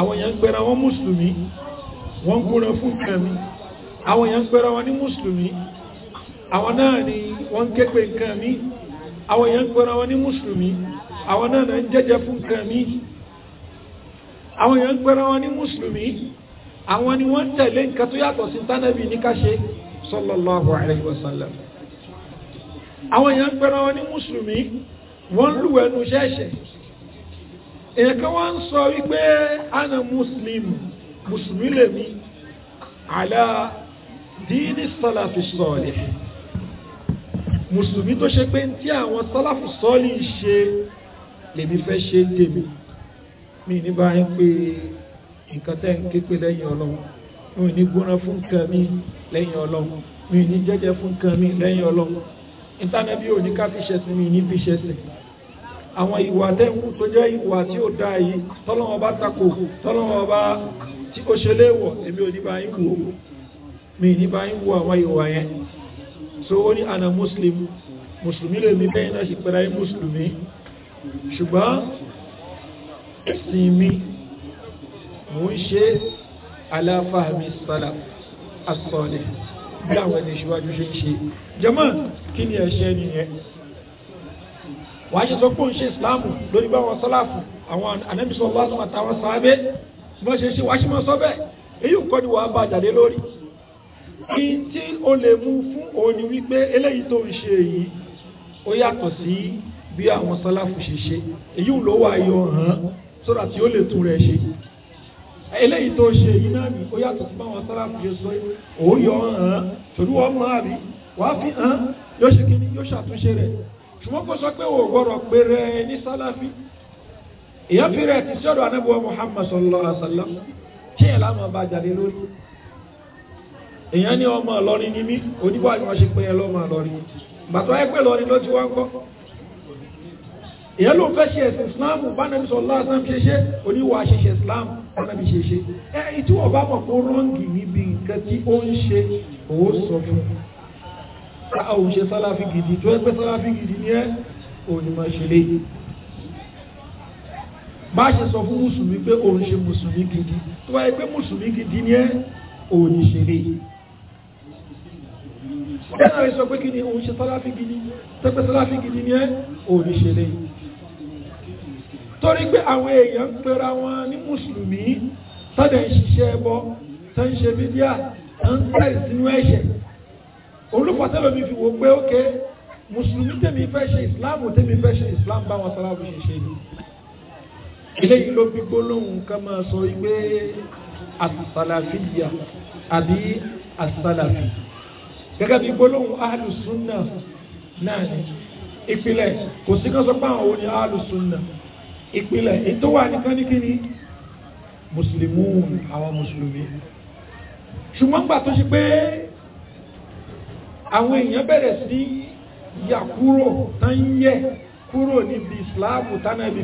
àwọn èèyàn ń pera wọn mùsùlùmí wọ́n ń kúra fún nǹkan mi àwọn èèyàn ń pera wọn ní mùsùlùmí àwọn náà ni wọ́n ń ké pe nǹkan àwọn èèyàn ń pera wọn ní mùsùlùmí àwọn náà náà ń jẹ́jẹ́ fún nǹkan àwọn èèyàn ń pera wọn ní mùsùlùmí àwọn ni wọ́n ń tẹ̀lé nǹkan tó yàtọ̀ sí tánàbì ní káṣe sallallahu alayhi wa sallam àwọn èèyàn ń pera wọn ní mùsùlùmí wọ́n ń lùwẹ̀nu ṣẹ́ẹ̀ṣẹ̀ èèyàn kan wọ́n ń sọ wípé ana muslim mùsùlùmí lèmi ala dini salafi salih mùsùlùmí tó ṣe pé tí àwọn sálàfù sọ́ọ̀lì ṣe lèmi fẹ́ ṣe tèmi mi ní bá yín pé nǹkan tẹ́ ń ké pé lẹ́yìn ọlọ́run mi ní gbóná fún nǹkan mi lẹ́yìn ọlọ́run mi ní jẹ́jẹ́ fún nǹkan mi lẹ́yìn ọlọ́run ìtànẹ́bí ò ní ká fi ṣẹ̀sìn mi ní fi ṣẹ̀sìn àwọn ìwà tẹ́wù tó jẹ́ ìwà tí ó dáa yìí tọ́lọ́wọ́ bá takò tọ́lọ́wọ́ bá tí ó ṣe léèwọ̀ èmi ò ní bá yín wò mi ní bá yín wò àwọn ìwà yẹn so ó ní àna muslim mùsùlùmí lè ní bẹ́ẹ̀ náà sì pẹ́ra ẹ́ mùsùlùmí ṣùgbọ́n ẹ̀sìn mi mò ń ṣe aláfàmì salaf as-salih bí àwọn ẹni ìṣíwájú ṣe ń ṣe jẹ́mọ́ kí ni ẹ̀ṣẹ̀ nìyẹn wà á ṣe sọ pé ó ń ṣe ìsìláàmù lórí bá wọn sọ́láàfù àwọn anábìsọ̀ lọ́sọ̀ àtàwọn sàábé bí wọ́n ṣe ṣe wàá ṣe mọ́ sọ́bẹ̀ èyí ò kọ́ ni wàá bá àjàdé lórí kí tí o lè mú fún òní wípé eléyìí tó ń ṣe èyí ó yàtọ̀ sí bí àwọn sálàfù ṣe ṣe èyí ló wà yọ hàn sọ́dà tí ó lè tún rẹ̀ ṣe eléyìí tó ṣe yìí náà ni ó yàtọ̀ sí báwọn sálàfù ṣe sọ òun yọ hàn torí wọn mọ àbí wàá fi hàn yóò ṣe kí yóò ṣàtúnṣe rẹ̀ ṣùgbọ́n kó sọ pé o gbọ́dọ̀ péré ní sálàfì èèyàn fi rẹ̀ ti sọ́dọ̀ anábọ̀ Muhammad sallallahu alaihi wasallam ṣé ẹ̀ láwọn bá jáde èèyàn ní ọmọ ọlọrin ni mí oníbọ àti wọn ṣe pé yẹn lọmọ ọlọrin bàtà ẹgbẹ lọrin ló ti wá ń kọ èèyàn ló fẹ́ ṣe ẹ̀sìn islam bánàbí sọ lọ́wọ́ ṣe ṣe oníwà ṣe ṣe islam bánàbí ṣe ṣe ẹ ìtí wọn bá mọ̀ kó rọ́ǹgì níbi nǹkan tí ó ń ṣe òun sọ fún un àwọn òṣè sáláfì gidi tó ẹgbẹ́ sáláfì gidi ní ẹ òní máa ṣe léyìí bá ṣe sọ fún mùsùlùmí pé òun ṣe mùsùlùmí gidi tó wáyé pé mùsùlùmí gidi ní ẹ òní ṣe léyìí ẹ náà sọ pé kí ni òun ṣe sàláfì gidi tẹpẹ sàláfì gidi ni ẹ òun ṣe lè torí pé àwọn èèyàn ń pera wọn ní mùsùlùmí sọdẹ ń ṣiṣẹ́ ẹbọ tó ń ṣe bídíà tó ń tẹ sínú ẹ̀ṣẹ̀ olùfọsẹlẹ mi fi wò pé ókè mùsùlùmí tèmi fẹ́ ṣe islam tèmi fẹ́ ṣe islam báwọn sàláfì ṣe ṣe ni eléyìí ló fi gbólóhùn ká máa sọ ìwé asàlàfíyà àbí asàlàfíyà. gẹ́gẹ́ bí gbólóhùn alùsùnà náà ni ìpìlẹ̀ kò sí kan pé àwọn òní alùsùnà ìpìlẹ̀ ètò wà ní kíni mùsùlùmí àwọn mùsùlùmí ṣùgbọ́n gbà tó ṣe pé àwọn èèyàn bẹ̀rẹ̀ sí yà kúrò tán yẹ kúrò níbi ìsìláàmù tánàbí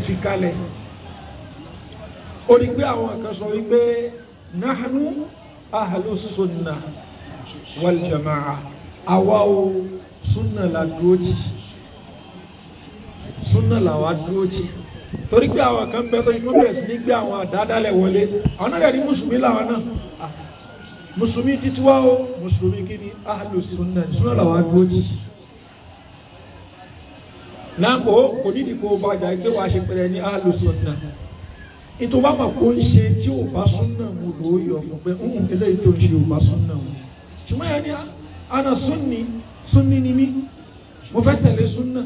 wal jamaa àwa o súnà la dúró jì súnà làwa dúró jì torí pé àwọn kan bẹ tó inú bẹ̀rẹ̀ sí ní gbé àwọn àdádálẹ̀ wọlé àwọn náà rí mùsùlùmí làwọn náà mùsùlùmí titiwa o mùsùlùmí kí ni ahlu súnà súnà làwa dúró jì láàpọ̀ kò nídìí kó o bá wàá ṣe pẹ̀lẹ́ ní ahlu súnà ìtò bá ń ṣe tí ò bá súnà mu lòó yọ̀ fún pé ń eléyìí tó ń ò bá súnà mu ṣùgbọ́n yẹn ni ana sunni sunni ni mi mo fẹ́ tẹ̀lé sunna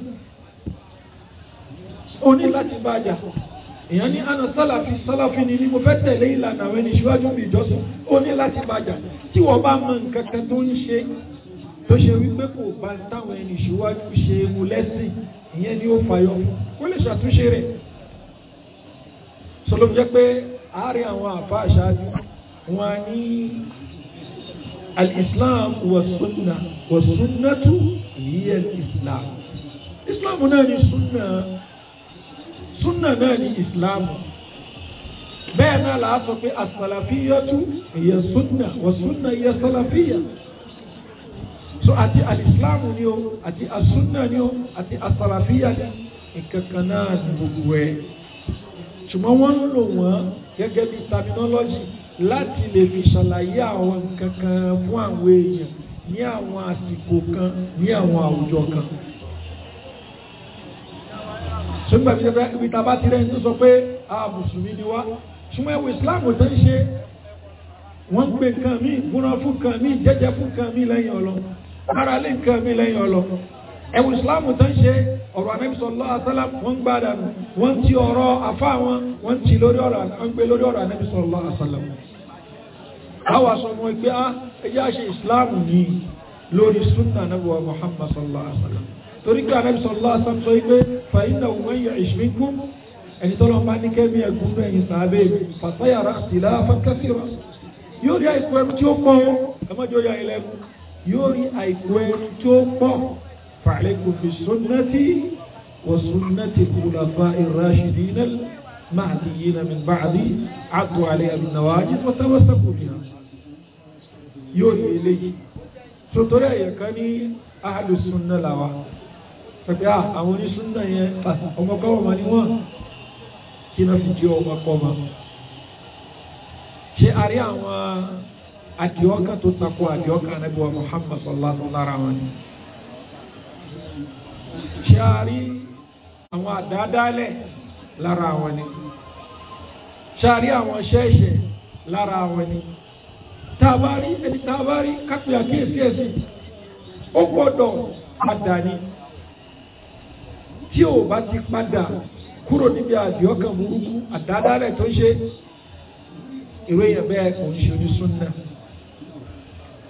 o ní láti bá a ana salafi salafi ni mí mo fẹ́ tẹ̀lé ìlànà àwọn ẹni ṣíwájú mi ìjọsìn o ní láti bá a jà tí wọ́n bá mọ nǹkan kan tó ń ṣe tó ṣe wípé kò bá táwọn ẹni ṣíwájú ṣe mu lẹ́sìn ìyẹn ni ó fàyọ kó lè ṣàtúnṣe rẹ̀ sọlọ́m jẹ́ pé àárín àwọn àfa àṣáájú wọn á ní al-islam wa sunna wa sunnatu hiya al-islam islam náà ni sunna sunna náà ni islam bẹ́ẹ̀ náà là á sọ pé asalafiyatu hiya sunna wa sunna hiya salafiya so àti al-islam ni o àti asunna ni o àti asalafiya ni ìkankan náà ni gbogbo ẹ̀ ṣùgbọ́n wọ́n ń lò wọ́n gẹ́gẹ́ bí terminology láti lè fi ṣàlàyé àwọn nǹkan kan fún àwọn èèyàn ní àwọn àsìkò kan ní àwọn àwùjọ kan. sọ́gbà tí ibi tá a bá ti rẹ́ni tó sọ pé a mùsùlùmí ni wá ṣùgbọ́n ẹ̀wọ̀ ìsìláàmù tó ń ṣe wọ́n ń pè nǹkan míì gúnra fún nǹkan míì jẹ́jẹ́ fún nǹkan míì lẹ́yìn ọlọ ara lé nǹkan míì lẹ́yìn ọlọ ẹ̀wọ̀ ìsìláàmù tó ń ṣe ọ̀rọ̀ anẹ́bísọ̀lọ́ asálàm wọ́n ń gbádàá wọ́n ti ọ̀rọ̀ afá wọ́n ti lórí ọ̀rọ̀ àgbẹ̀ lórí ọ̀rọ̀ anẹ́bísọ̀lọ́ asálàm káwà sọ mọ́ pé á ẹjá ṣe ìsìláàmù ní lórí súnà nàbùwà Muhammad sallallahu alaihi wa sallam torí pé anabi sallallahu alaihi wa sallam sọ pé fàyínà òun yẹ ìṣmíkú ẹni tọ́lọ́ bá ní kẹ́mi ẹ̀gún bẹ́ẹ̀ yìí sàábẹ́ fàtàyàrá sílá fàkàsíra yóò rí àìkú ẹrú tí ó pọ̀ ẹmọ́jọ́ ya ilẹ̀kùn yóò rí àìkú ẹrú tí ó pọ̀ fàlẹ́kù fi sunnati wa sunnati kùlàfà ìrashidina máàdìyí na min ba'di àtọ̀ àlẹ́ àbìnàwájú wọ́tẹ́wọ́sẹ́kù nìyà. yóò ní eléyìí sotori ẹ̀yẹ kan ní ahlu sunna làwa pẹ̀pẹ́ ah, àwọn onísúnà yẹn ọmọkọ́wọ́ ma ni wọ́n kí náà fi jẹ́ ọmọkọ́ ma ṣe àrí àwọn àdìọ́kà tó takò àdìọ́kà anábíwá Muhammad sallallahu alaihi wa sallam ṣe àrí àwọn àdáadáalẹ̀ lára wọn ni ṣe àrí àwọn ṣẹ́ẹ̀ṣẹ̀ lára wọn ni tàbá ẹni tàbá rí kápẹ àkíyèsí ẹsìn ó gbọ́dọ̀ ni tí ò bá ti padà kúrò níbi àdìọkàn burúkú àdádálẹ̀ tó ṣe ìwé yẹn bẹ́ẹ̀ kò ń ṣe onísúnnà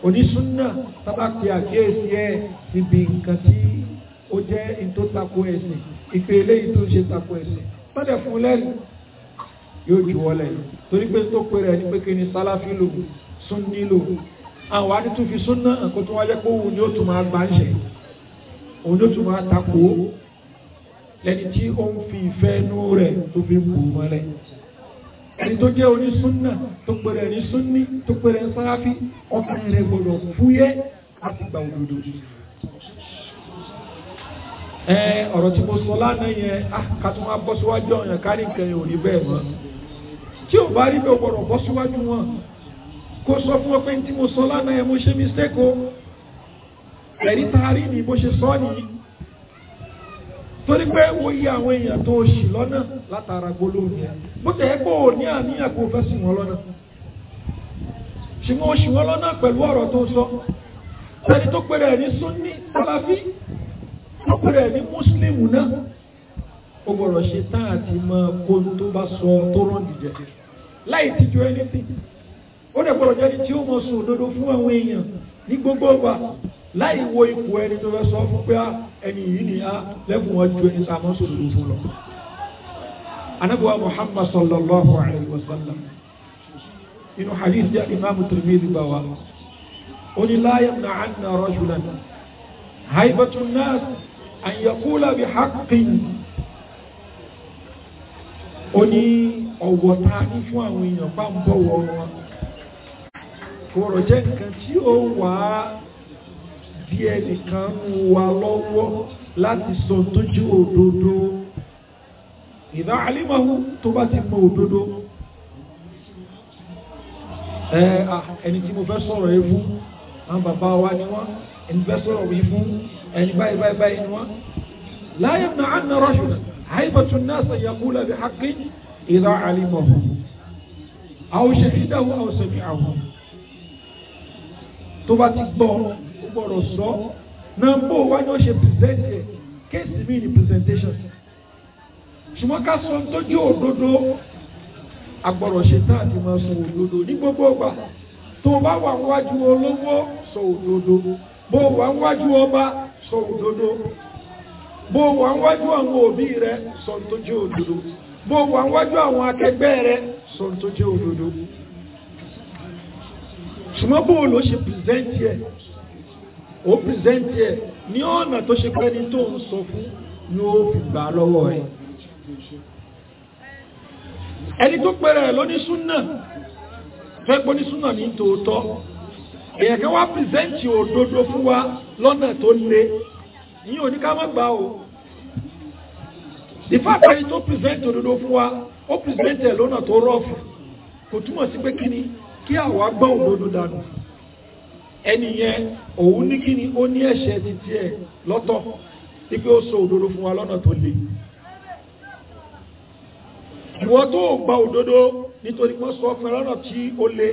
onísúnnà tábà pé àkíyèsí ẹ síbi nǹkan tí ó jẹ́ ìtò tako ẹ̀sìn ìpè eléyìí tó ń ṣe tako ẹ̀sìn lọ́dẹ̀ fún lẹ́nu yóò ju wọlé torí pé tó pé rẹ̀ ní pé kí ni sálàfí lòun sunni lò àwọn àti tún fi sunna kó tó wáyé pé òun ni ó tún máa gbà ń ṣe òun ni o tún máa takò ó lẹni tí ó ń fi ìfẹ́ inú rẹ̀ tó fi bù ú mọ́lẹ̀ ẹni tó jẹ́ onísúnnà tó pèrè ní súnni tó pèrè ní sáráfí ọkàn rẹ̀ gbọdọ̀ fúyẹ́ láti gba òdodo ẹ ọ̀rọ̀ tí mo sọ lánàá yẹn ah, ká tó máa bọ́ síwájú ọ̀yàn kárí nǹkan ò ní bẹ́ẹ̀ mọ́ tí ò bá rí bẹ́ẹ̀ gbọdọ̀ bọ́ síwájú wọn kó sọ fún ọ pé tí mo sọ lánàá ẹ̀ mo ṣe mistake o ẹ̀rí taari ni bó ṣe sọ nìyí torí pé wo yí àwọn èèyàn tó ṣì lọ́nà látara gbólóhùn yẹn bó tẹ̀ ẹ́ pé ò ní àníyàn kó fẹ́ sìn wọ́n lọ́nà ṣùgbọ́n ó ṣì wọ́n lọ́nà pẹ̀lú ọ̀rọ̀ tó sọ ẹni tó pèrè ẹ̀ ní sunni tó pèrè ẹ̀ mùsùlùmù náà ó gbọ́dọ̀ ṣe tán àti mọ kó tó bá sọ tó rán dìjẹ́ láì tìjú ẹni tìjú ó dẹ̀ gbọ́dọ̀ jẹ́ tí ó mọ̀ sùn òdodo fún àwọn èèyàn ní gbogbo ọgbà láì wo ipò ẹni tó fẹ́ sọ fún pé ah, ẹni yìí ni a ah, lẹ́bùn wọn ju ẹni tá a mọ̀ sùn òdodo fún lọ. anabuwa muhammad sallallahu alayhi wa sallam inú hadith ya imaamu tirmidhi bá wa ó láyé na àná rajulan haibatun nas an yakula bi haqqin ó ní fún àwọn èèyàn bá ń bọ̀wọ̀ wọn kọ̀rọ̀ jẹ́ nǹkan tí ó wà á di ẹnìkan ń wa lọ́wọ́ láti sọ tó jẹ́ òdodo ìdá alímọ̀hún tó bá ti mọ òdodo ẹni tí mo fẹ́ sọ̀rọ̀ yìí fún àwọn bàbá wa ni wọ́n ẹni fẹ́ sọ̀rọ̀ yìí fún ẹni báyìí báyìí báyìí ni wọ́n láyé mi àná rọ́ṣùn àìbọ̀tún náà sàyẹ̀kú lẹ́bi haqqi ìdá alímọ̀hún àwọn ṣèkídàwọ̀ àwọn sẹ̀mí àwọn tó bá ti gbọ́ ó gbọ́dọ̀ sọ náà bó wá ní ó ṣe pìrìsẹ́ǹtì ẹ̀ kéèsì mi ní pìrìsẹ́ǹtẹ́ṣọ̀n ṣùgbọ́n ká sọ tójú òdodo agbọ́dọ̀ ṣe tán àti máa sọ òdodo ní gbogbo ọgbà tó bá wà wájú olówó sọ òdodo bó wà wájú ọba sọ òdodo bó wà wájú àwọn òbí rẹ sọ tójú òdodo bó wà wájú àwọn akẹgbẹ́ rẹ sọ tójú òdodo ṣùgbọ́n bóòlù ó ṣe pìrìsẹ́ǹtì ẹ̀ ó pìrìsẹ́ǹtì ẹ̀ ní ọ̀nà tó ṣe pẹ́ ní tó ń sọ fún ni ó fi gbà lọ́wọ́ rẹ̀ ẹni tó pẹ̀rẹ̀ lóníṣúnà fẹ́ pọ́níṣúnà ní tòótọ́ èyàn kan wá pìrìsẹ́ǹtì òdodo fún wa lọ́nà tó le ní oníkámọ́gbà o the fact that ẹni tó pìrìsẹ́ǹtì òdodo fún wa ó pìrìsẹ́ǹtì ẹ̀ lọ́nà tó rọ́ọ̀fù kò túmọ̀ sí pé kíni kí àwa gbọ́ òdodo dànù ẹni yẹn òun ní kí ni ó ní ẹ̀ṣẹ̀ ti tiẹ̀ lọ́tọ̀ ibi ó òdodo fún wa lọ́nà tó le ìwọ tó gba òdodo nítorí wọ́n sọ fún ẹ lọ́nà tí ó le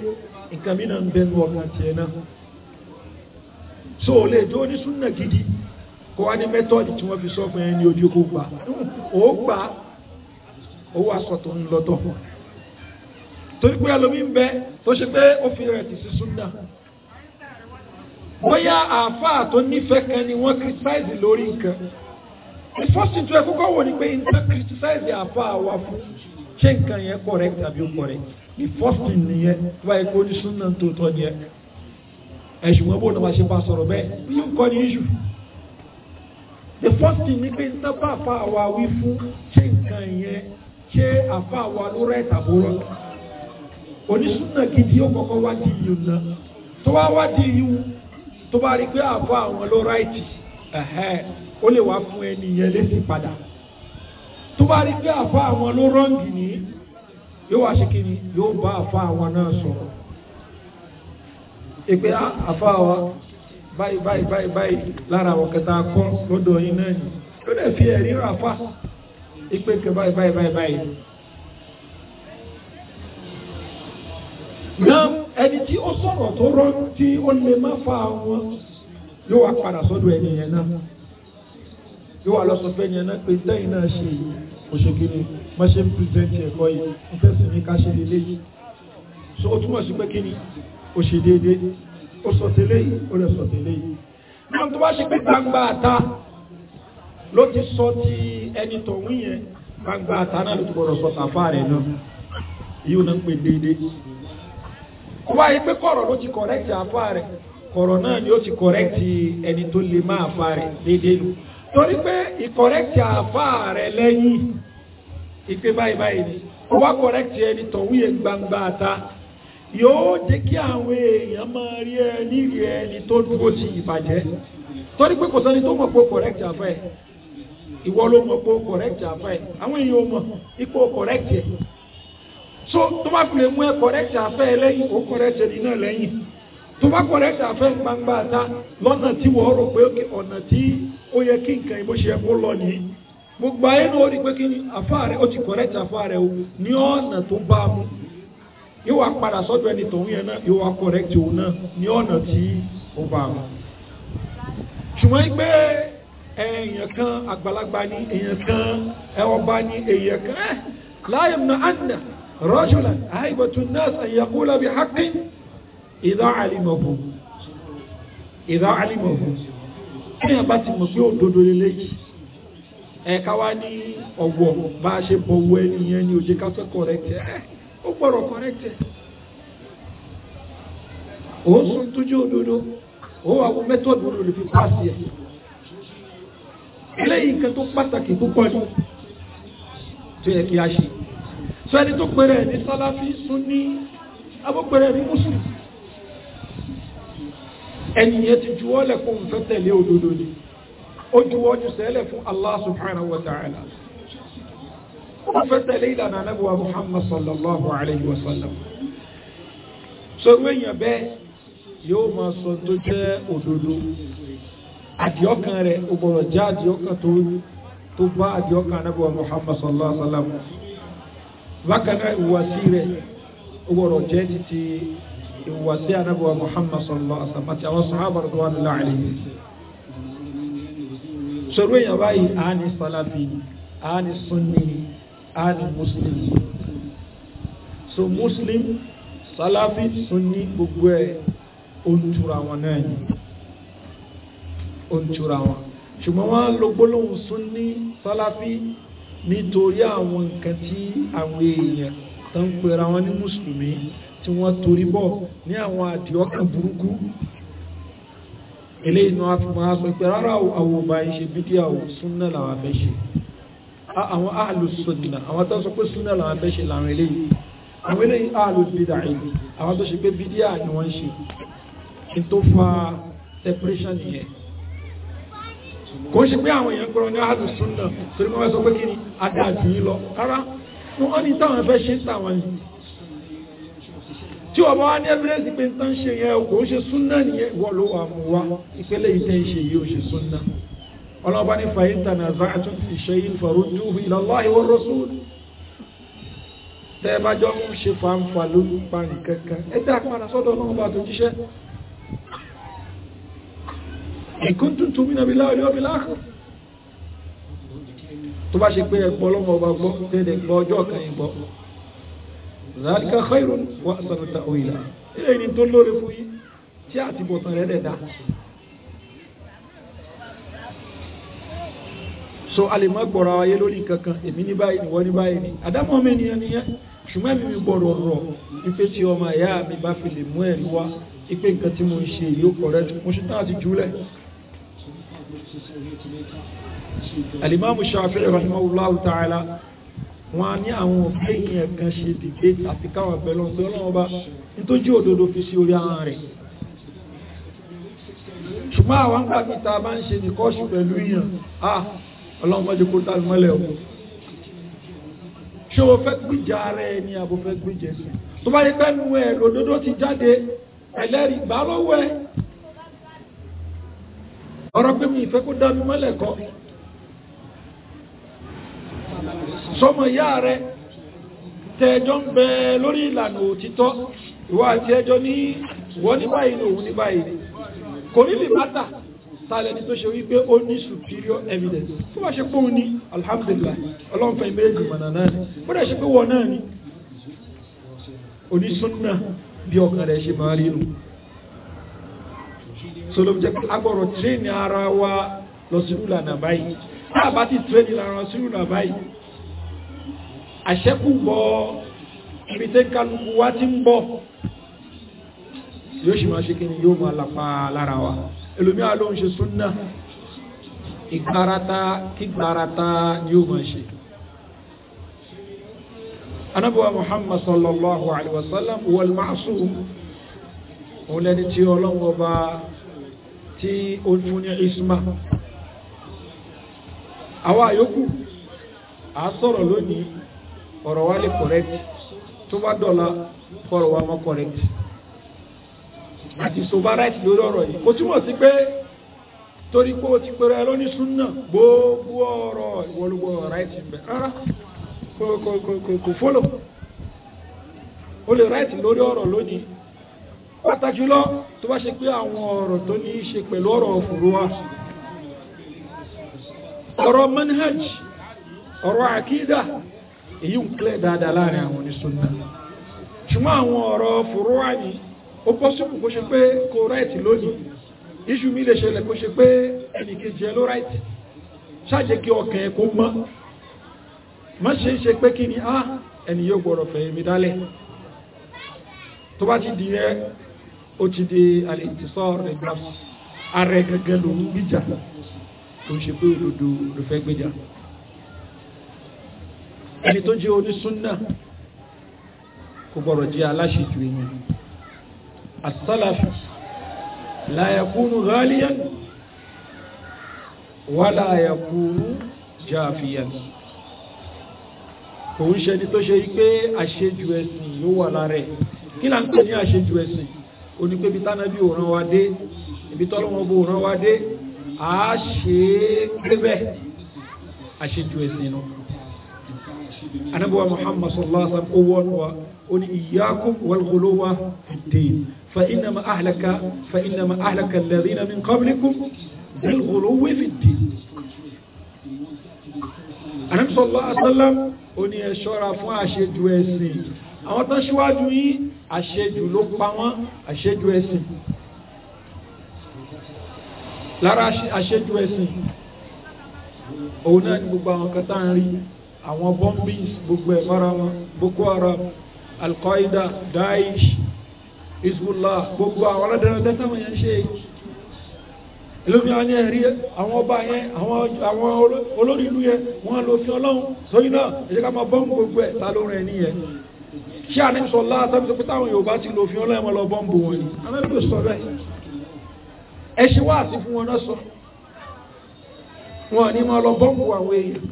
nǹkan mìíràn ń bẹnu ọ̀gá so gidi kó wá ní tí fi sọ fún ẹ ní ojú kó gbà ó ẹ. torí pé ẹlòmíín bẹ tó ṣe pé ó fi rẹ̀ tì sí súnà bóyá àáfàá tó nífẹ̀ẹ́ kan ni wọ́n criticize lórí nǹkan the first thing to ẹ kọ́kọ́ wò ni pé n ta criticize àáfàá wa fún ṣé nǹkan yẹn correct àbí ó correct the first thing nìyẹn tó bá yẹ kó ní súnà tó tọ́ ni ẹ ẹ ṣùgbọ́n bó náà wá ṣe bá sọ̀rọ̀ bẹ́ẹ̀ yóò kọ́ ni issue the first thing ni pé n ta bá àáfàá wa wí fún ṣé nǹkan yẹn ṣé àáfàá wa ló rẹ̀ tàbó rọ̀ onísùnà gidi yóò kọ́kọ́ wádìí yìí ná tó bá wádìí yìí tó bá rí pé àbọ̀ àwọn ló ráìtì ó lè wá fún ẹni yẹn lésì padà tó bá rí pé àbọ̀ àwọn ló rọ́ǹgì ní yóò wá ṣe kí ni yóò bá àbọ̀ àwọn náà sọ̀rọ̀ ìpè ah, àbọ̀ àwọn báyìí báyìí báyìí báyìí lára àwọn kẹta kọ́ lọ́dọ̀ yín náà ni ó lè fi ẹ̀rí rà fà ìpè kẹ báyìí báyìí báyìí báyìí. náà ẹni tí ó sọ̀rọ̀ tó rán tí ó lè má fa wọn yóò wá padà sọ́dọ̀ ẹni yẹn náà yóò wá lọ sọ fẹ́ yẹn náà pé tẹ́yìn náà ṣe yìí òṣèkiri má ẹ̀kọ́ yìí ń fẹ́sẹ̀ ní ká ṣe lélẹ́ yìí so ó túmọ̀ sí pé kí ni ó ṣe déédéé ó sọ tẹ́lẹ̀ yìí ó lè sọ tẹ́lẹ̀ yìí náà tó bá ṣe pé gbangba àta ló ti sọ ti ẹni tọ̀hún yẹn gbangba àta náà ló ti gbọdọ̀ sọ kó wáyé pé kọ̀rọ̀ ló ti kọ̀rẹ́kì àfa rẹ̀ kọ̀rọ̀ náà ni ó ti kọ̀rẹ́kì ẹni tó lè má àfa rẹ̀ déédéé lò torí pé ìkọ̀rẹ́kì àfa rẹ̀ lẹ́yìn ìpè báyìí báyìí ni ó wá kọ̀rẹ́kì ẹni tọ̀wúyè gbangba ta yóò jẹ́ kí àwọn èèyàn máa rí ẹ nírí ẹni tó dúró sí ìbàjẹ́ torí pé kò sẹ́ni tó mọ̀ pé kọ̀rẹ́kì àfa ẹ̀ ìwọ ló mọ̀ pé kọ̀rẹ́kì àfa ẹ̀ àwọn èèyàn mọ̀ ipò kọ̀rẹ́kì ẹ̀ so tó bá fi lè mú ẹ kọrẹ́tì afẹ́ o ó kọrẹ́tì ẹni náà lẹ́yìn tó bá gbangba ta lọ́nà lọ gbogbo ayé ló rí pé kí ti o ní ọ̀nà tó bá a mú yóò wá padà sọ́dọ̀ ẹni tòun yẹn náà yóò wá kọrẹ́tì òun náà na ọ̀nà tí ó bá رجلا هيبة الناس أن يقول بحق إذا علمه إذا علمه ní ẹ̀bá ti mọ̀ pé òdodo lélẹ́ yìí ẹ̀ka wá ní ọ̀wọ̀ bá a ṣe bọ̀wọ̀ ẹni yẹn ni òjé kásọ̀ kọ̀rẹ́tẹ̀ ẹ̀ ó gbọ́dọ̀ kọ̀rẹ́tẹ̀ ó sùn tójú òdodo ó wà wọ mẹ́tọ́ọ̀dù olórí fi pàṣẹ ẹ̀ eléyìí nǹkan tó pàtàkì púpọ̀ ni tó yẹ kí a ṣe sẹ́ni tó pèrè ní sálàfí súnni abópèrè ní mùsùlùmí ẹnìyẹn ti juwọ́ lẹ̀ fún òun fẹ́ tẹ̀lé òdodo ni ó juwọ́ ju sẹ́lẹ̀ fún Allah subhanahu wa ta'ala ó fẹ́ tẹ̀lé ìlànà anábíwá Muhammad sallallahu alayhi wa sallam sọ̀rọ̀ èèyàn bẹ́ẹ̀ yóò máa sọ tó jẹ́ òdodo àdìọ́kan rẹ̀ ó gbọ́dọ̀ àdìọ́kan tó bá àdìọ́kan anábíwá Muhammad sallallahu alayhi wa sallam bákan náà ìhùwàsí rẹ̀ ó gbọ́dọ̀ jẹ́ títí ìhùwàsí anábọ̀wá Muhammad sallallahu alaihi wa sallam àti àwọn sàhábà radwanullahi alaihim sọ̀rọ̀ èèyàn báyìí àání salafi àání sunni àání muslim so muslim salafi sunni gbogbo ẹ̀ ontura wọn náà ni ontura wọn ṣùgbọ́n wọ́n lo gbólóhùn sunni salafi nítorí àwọn nǹkan tí àwọn èèyàn tó ń pera wọn ní mùsùlùmí tí wọ́n torí bọ̀ ní àwọn àdìọ́kàn burúkú ilé inú afimọ̀ aṣọ pé rárá àwọn ọba ìṣe bídíà ò súnà làwọn abẹ́ ṣe àwọn àlù sọ̀dìnà àwọn tó sọ pé súnà làwọn abẹ́ ṣe làwọn eléyìí àwọn eléyìí àlù bídà ìlú àwọn tó ṣe pé bídíà ni ṣe kí tó fa separation yẹn kò ṣe pé àwọn èèyàn gbọ́rọ̀ ní àlù súnà torí wọ́n sọ pé kí ni adájú yìí lọ rárá wọ́n ní táwọn fẹ́ ṣe ń tàwọn yìí tí ọba wa ní evidence pé ń tán ṣe yẹn kò ń ṣe súnà nìyẹn wọ́n ló wà mú wa ìpele ìtẹ́ ìṣe yìí ò ṣe súnà ọlọ́ba ní fàyín tànà zàtún fi ṣe yìí farudduhu ila Allahi wa rasul tẹ́ ẹ bá jọ ń ṣe fanfa lórí parí in kuntum tu'minuna billahi wal yawmil akhir tó bá ṣe pé ẹgbọ́ ọlọ́mọ ọba gbọ́ tẹ́lẹ̀ gbọ́ ọjọ́ kan yìí gbọ́ zalika khairun wa ahsanu ta'wila ilé ní tó lóore fún yín tí àti bọ̀tàn rẹ̀ dẹ̀ dá. so a lè má gbọ́ra ayé lórí kankan èmi ní báyìí wọ́n ní báyìí ni àdámọ́ mi nìyẹn nìyẹn ṣùgbọ́n mi gbọ́dọ̀ rọ̀ ife tí ọmọ ìyá mi bá fi lè mú ẹ̀rí wá ipe nǹkan tí mo ń ṣe yìí ó kọ̀rẹ́ mo ṣe tán àti jùlẹ̀ alimami shafi'i rahimahullahu ta'ala wọn a ní àwọn òfin yẹn kan ṣe dìgbé àti káwọn abẹ́lẹ́ ọ̀sẹ̀ ọlọ́wọ́n bá nítorí òdodo fi sí orí ahọ́n rẹ̀ ṣùgbọ́n àwọn àgbà mi ta bá ń ṣe nìkọ́ṣù pẹ̀lú yàn á ah, ọlọ́run mọ́jú kó tá mọ́lẹ̀ o ṣé o fẹ́ gbìjà ara ẹ ni àbò fẹ́ gbìjà ẹsẹ̀ tó bá yẹ pẹ́nu ẹ lòdodo ti jáde ẹlẹ́rìí gbà lọ́wọ́ ẹ ọ̀rọ̀ pé mi ìfẹ́ kó dá mi mọ́lẹ̀ kọ́ sọmọ ìyá rẹ tẹ́ẹjọ́ ń bẹ lórí ìlànà òtítọ́ ìwọ àti ẹjọ́ ní wọ́n ní báyìí ní òun ní báyìí kò ní lè tààlẹ̀ ní tó ṣe wípé ó ní superior evidence tó bá ṣe pé òun ní alhamdulillah ọlọ́nfẹ́ méjì mọ̀nà náà ni bó dẹ̀ ṣe pé wọ́n náà ni onísúnnà bí ọkàn rẹ̀ ṣe máa rí nù sọlọ jẹ agbọrọ tírénì ara wa lọ sínú ìlànà báyìí tá a bá ti tírénì ara wa sínú ìlànà báyìí àṣẹkù bọ ibi tẹ kálukú wa ti ń bọ yóò ṣì máa ṣe kí ni yóò máa làpá lára wa ẹlòmíà ló ń ṣe súnà ìgbárata kígbárata ni yóò máa ṣe anabuwa muhammad sallallahu alaihi wasallam wal ma'sum òun lẹni tí ọlọ́wọ́ bá tí ó isma àwa àyókù à sọ̀rọ̀ lónìí ọ̀rọ̀ wa lè correct tó bá dọ̀la wa àti soba lórí ọ̀rọ̀ yìí kò túmọ̀ sí pé torí pé o ti pèrè ẹ lóní súnà gbogbo ọ̀rọ̀ ń bẹ rárá kò fọlọ o lè right lórí ọ̀rọ̀ lónìí. pàtàkì lọ tó bá ṣe pé àwọn ọ̀rọ̀ tó ní í ṣe pẹ̀lú ọ̀rọ̀ òfurufú ọ̀rọ̀ manhaj ọ̀rọ̀ àkídà èyí ń kílẹ̀ dáadáa láàrin àwọn onísùnnà ṣùgbọ́n àwọn ọ̀rọ̀ fòrówà ní ó bọ́ sípò kó ṣe pé kó ráìtì lónìí iṣu mi lè ṣẹlẹ̀ kó ṣe pé ẹnì kejì ẹ ló ráìtì ṣáàjẹ́ kí ọkàn kó mọ́ má ṣe ń ṣe pé kí ni á ah, ẹni yóò gbọ́dọ̀ fẹ̀yìn mi dálẹ̀ tó bá ti di ó ti di al-intisar nafs ara ẹ̀ gẹ́gẹ́ ló ń gbìjà tó ń ṣe pé òdodo ló fẹ́ gbìjà ẹni tó jẹ́ onísúnnà kò gbọ́dọ̀ jẹ́ aláṣejù ẹ̀yìn as-salaf la yakunu ghaliyan wala kò ń ṣe ẹni tó ṣe pé àṣejù ẹ̀sìn ló wà lára ẹ̀ kí là ń pè ní àṣejù ẹ̀sìn onípébi tánàbí òran wa dé ibi tọ́lọ́wọ́n bó òran wa dé à á ṣe é débẹ̀ àṣejù ẹ̀sìn nu. anabiwa muhammad sallallahu alaihi wa sallam owó ọ̀nà wa ó ní iyyakum wal ghuluwa fid-din fa innama ahlaka fa innama ahlaka alladhina min qablikum bil ghuluwi fid-din. anabi sallallahu alaihi wa sallam ó ní ṣọ́ra fún àṣejù ẹ̀sìn àwọn tó ṣíwájú yìí àṣejù ló pa wọ́n àṣejù ẹ̀sìn lára àṣejù ẹ̀sìn òun náà ni gbogbo àwọn kan ń rí àwọn bombings gbogbo ẹ̀ mọ́ra wọn Boko Haram Al-Qaeda Daesh Hezbollah gbogbo àwọn aládàáda táwọn yẹn ń ṣe ẹlòmíràn yẹn rí àwọn ọba yẹn àwọn olórí ìlú yẹn wọn lò fi Ọlọ́run sọyìn náà ẹ̀jẹ̀ ká máa bọ́ǹbù gbogbo ẹ̀ ta ló rẹ̀ nìyẹn ṣé àníbi sọ láà tàbí sọ pé táwọn Yorùbá ti lò fi ọlọ́yìn wọn lọ bọ́ǹbù wọn ni àmẹ́bí sọ bẹ́ẹ̀ ẹ ṣe wá àti fún wọn náà sọ wọn ni wọn lọ bọ́ǹbù àwọn èèyàn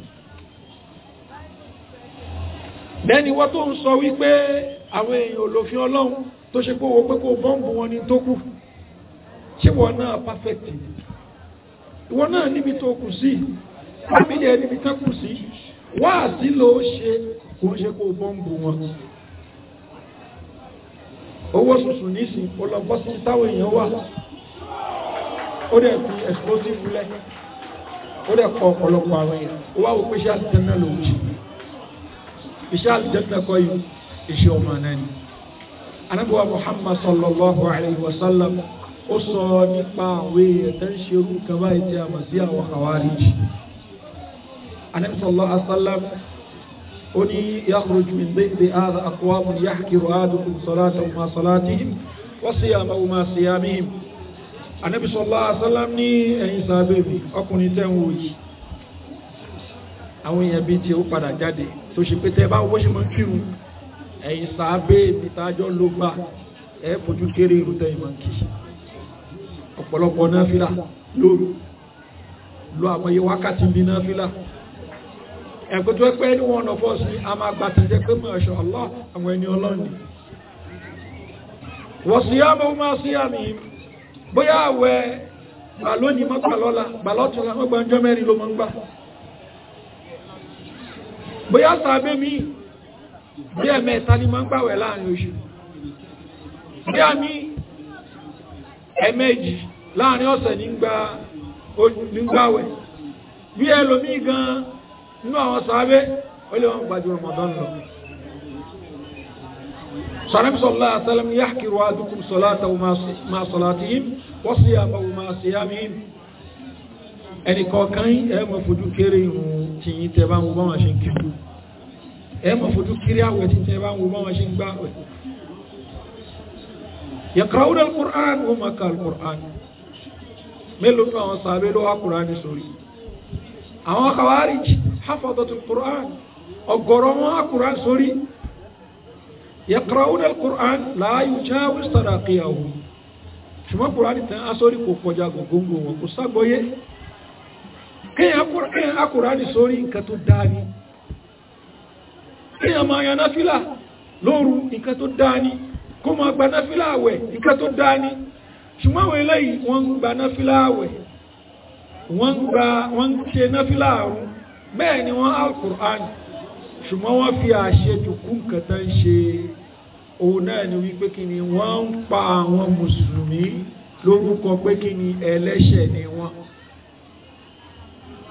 lẹ́ni wọ́n tó ń sọ wípé àwọn èèyàn olófin ọlọ́run tó ṣe kówó pé kó bọ́ǹbù wọn ni tó kù ṣé wọn náà perfect ìwọ náà níbi tó kù sí fámìlì níbi tó kù sí wáàsí ló ṣe kò ń ṣe kó bọ́ǹbù wọn owó sùsù nísìn ó lọ bọ́ sí táwọn èèyàn wà ó dẹ̀ fi explosive lẹ̀ ó dẹ̀ kọ ọ̀pọ̀lọpọ̀ àwọn èèyàn ó wá wò pé iṣẹ́ àtẹnudẹ́ ló ń ṣe iṣẹ́ àtẹnudẹ́ kọ́ yìí iṣẹ́ ọmọ náà ni anabiwa Muhammad sallallahu alayhi wa sallam ó sọ nípa àwọn èèyàn tó ń ṣe irú kaba ìtẹ́ àmọ̀ sí àwọn Khawarij anabi sallallahu alayhi wa sallam. أني يخرج من ضئب هذا أقوام يحكر آدكم صلاتهم ما صلاتهم وصيامهم ما صيامهم النبي صلى الله عليه وسلم ní ẹ̀yin sàbẹ̀ mi ọkùnrin tẹ́ ń wò yìí àwọn èèyàn bíi tí ó padà jáde tó ṣe pé tẹ́ bá wọ́n ṣe máa ń kírun ẹ̀yin sàbẹ̀ mi ló gbà ẹ̀ fojú kéré irú tẹ́yìn kì í ọ̀pọ̀lọpọ̀ náà fìlà lóru lo àmọye wákàtí bíi náà fìlà ẹ̀kọ́ tó ẹni wọn one of us a máa gba tẹ̀jẹ́ pé mọ̀ ẹ̀ṣọ́ ọlọ́ àwọn ẹni ọlọ́ni wọ́n sì yá mọ́ máa sí àmì bóyá àwẹ̀ balóni mọ́ gbàlọ́la gbàlọ́tún la gbogbo ọjọ́ mẹ́rin ló mọ́ ń gbà bóyá sàbẹ̀ mi bí ẹ̀mẹ́ta ni mọ́ ń gbàwẹ̀ láàrin oṣù bí àmì ẹ̀mẹ́jì láàrin ọ̀sẹ̀ gbàwẹ̀ bí gan-an nínú àwọn sàábẹ́ ó lè wọn gbàjú Ramadan lọ. sàrẹ́bí sọ̀lá àtàlẹ́m yahkiru ahadukum sọ̀láta ma salatihim wa siyamahu ma siyamihim. ẹnì kọ̀ọ̀kan ẹ mọ̀ fojú kéré ìrùn tìyín tẹ bá ń wo báwọn ṣe ń kí ẹ mọ̀ fojú kéré àwẹ̀ tí tẹ bá ń wo báwọn ṣe ń gbá àwẹ̀. yaqra'una al-Qur'an wa ma ka al ní àwọn sàábẹ́ ló àwọn kawarij hafadatul quran ọ̀gọ̀rọ̀ wọn á quran sórí yaqra'una al-quran la yujawiz taraqiyahu ṣùgbọ́n quran tán á sórí kò kọjá gògóńgò wọn kò ságbóyé kéèyàn á quran sórí nǹkan tó dáa ni kéèyàn máa yan náfìlà lóru nǹkan tó dáa ni kó máa gba náfìlà àwẹ̀ nǹkan tó dáa ni ṣùgbọ́n eléyìí wọ́n gba náfìlà àwẹ̀ wọ́n gba wọ́n ṣe náfílà àrùn bẹ́ẹ̀ ni wọ́n alkùrán ṣùgbọ́n wọ́n fi àṣẹ jùkú nǹkan tán ṣe òun náà ni wípé kí ni wọ́n ń pa àwọn mùsùlùmí lórúkọ pé kí ni ẹlẹ́ṣẹ̀ ni wọ́n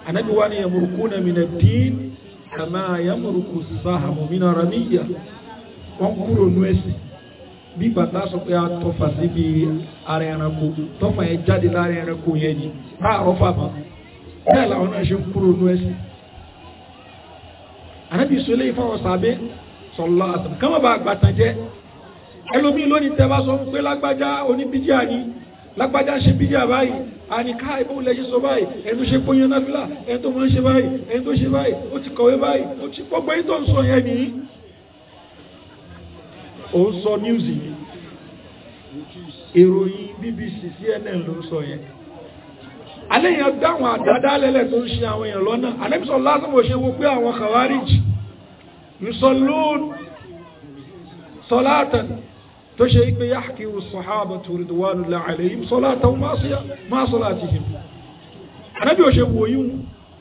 ànábì wa ni yamurukuna mina dín kama yamuruku sahamu mina ramiya wọ́n kúrò nú ẹ̀sìn bí bàtà sọ pé a tọfà síbi ara ẹranko tọfà yẹn jáde lára ẹranko yẹn ni bá àrọ́ fàmà bẹ́ẹ̀ làwọn náà ṣe ń kúrò nú ẹ̀sìn. ànábì sọlẹ̀ ìfọwọ́ sàbẹ̀ sọlọ àtàwọn kàmá bá àgbàtàn jẹ́ ẹlòmíì lónìí tẹ́ bá sọ pé lágbájá oníbíjà ni lágbájá ṣe bíjà báyìí àníká ìbò lẹ́ṣẹ́ sọ báyìí ẹni tó ṣe pọ́yán náfìlà ẹni tó máa ń ṣe báyìí ẹni tó ṣe báyìí ó ti kọ̀wé báyìí ó ti gbogbo ẹni tó ń sọ yẹn nìyí ó ń sọ news yìí ìròyìn BBC CNN ló ń sọ yẹn alẹ́ yẹn dáhùn àdáadáa lẹ́lẹ̀ tó ń ṣe àwọn èèyàn lọ́nà àlẹ́bísọ̀ lásán kò ṣe wo pé àwọn kàwárìjì yusallun salatan tó ṣe pé yahkiru sahabatu ridwanullahi alayhim salatan ma salatihim àlẹ́bí ò ṣe wòyún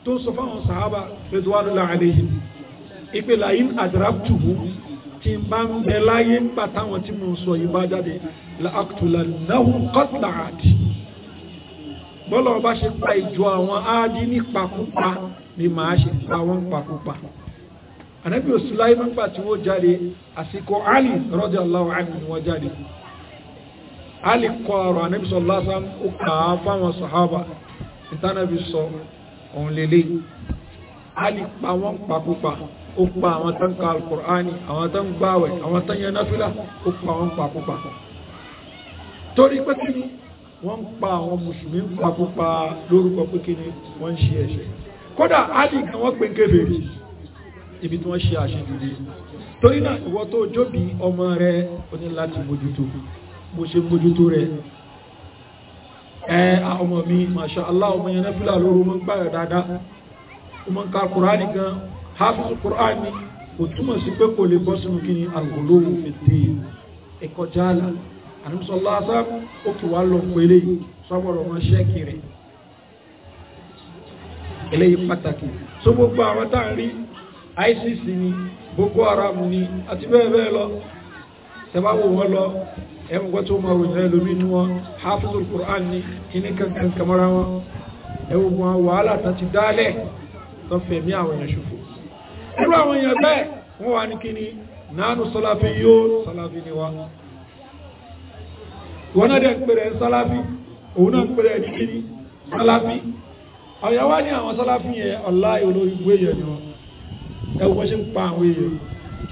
tó ń sọ fáwọn sàhábà ridwanullahi alayhim ìpè la'in adraktuhum tí n bá ń bẹ láyé ń gbà táwọn tí mo ń sọ yìí bá jáde la akutula náwó kọ́tà àdì bọ́lá ọba ṣe pa ìjọ àwọn áádí ní pakúpa ni màá ṣe pa wọ́n pakúpa ànábì òsùláyé nígbà tí wọ́n jáde àsìkò ali radiyallahu anhu ni wọ́n jáde ali kọ ọ̀rọ̀ ànábì sọ lásán ó kà á fáwọn sàhábà ìtànàbì sọ òun ali pa wọ́n pakúpa. Pa ó pa àwọn tó ń ka alukur'ani àwọn tó ń gbàwẹ̀ àwọn tó ń yan náfìlà ó pa wọn pàkópa torí pé kí ni wọ́n ń pa àwọn mùsùlùmí pàkópa lórúkọ pé kí ni wọ́n ń ṣe ẹ̀ṣẹ̀ kódà ali gan wọ́n pe ń kébèrè ibi tí wọ́n ṣe àṣejùdé torí náà ìwọ tó jóbi ọmọ rẹ o láti mójútó mo ṣe mójútó rẹ ẹ ọmọ mi masha allah ọmọ yẹn náfìlà lóru mo ń gbàwẹ̀ dáadáa mo ń ka alukur'ani hafizu Qur'an ni kò túmọ̀ sí pé kò lè bọ́ sínú kí ni àgòló ètè ẹ̀kọ́já àlà àdúmọ̀sọ́lá sáàmù ó kì wá lọ pélé sọ́mọ̀rọ̀ wọn ṣẹ́ẹ̀kì rẹ̀ eléyìí pàtàkì so gbogbo àwọn tá à ń rí ISIS ni Boko Haram ni àti bẹ́ẹ̀ bẹ́ẹ̀ lọ tẹ́bá wò lọ ẹ̀wọ̀n gbọ́tò máa wò ní ẹlòmíì wọn hafizu Qur'an ni kíní kankan kamara wọn ẹ̀wọ̀n wàhálà tó ti dálẹ̀ tó fẹ̀mí àwọn èèyàn irú àwọn èèyàn bẹ́ẹ̀ wọ́n wà ní kíni nánú sọ́láfí yóò sọ́láfí ni wá wọ́n náà dẹ̀ ń pèrè sọ́láfí òun náà ń pèrè ní kíni sọ́láfí ọ̀yàwá ní àwọn sọ́láfí yẹn ọ̀lá olórí ìwé yẹn ni wọ́n ẹ̀wọ́n ṣe ń pa àwọn èèyàn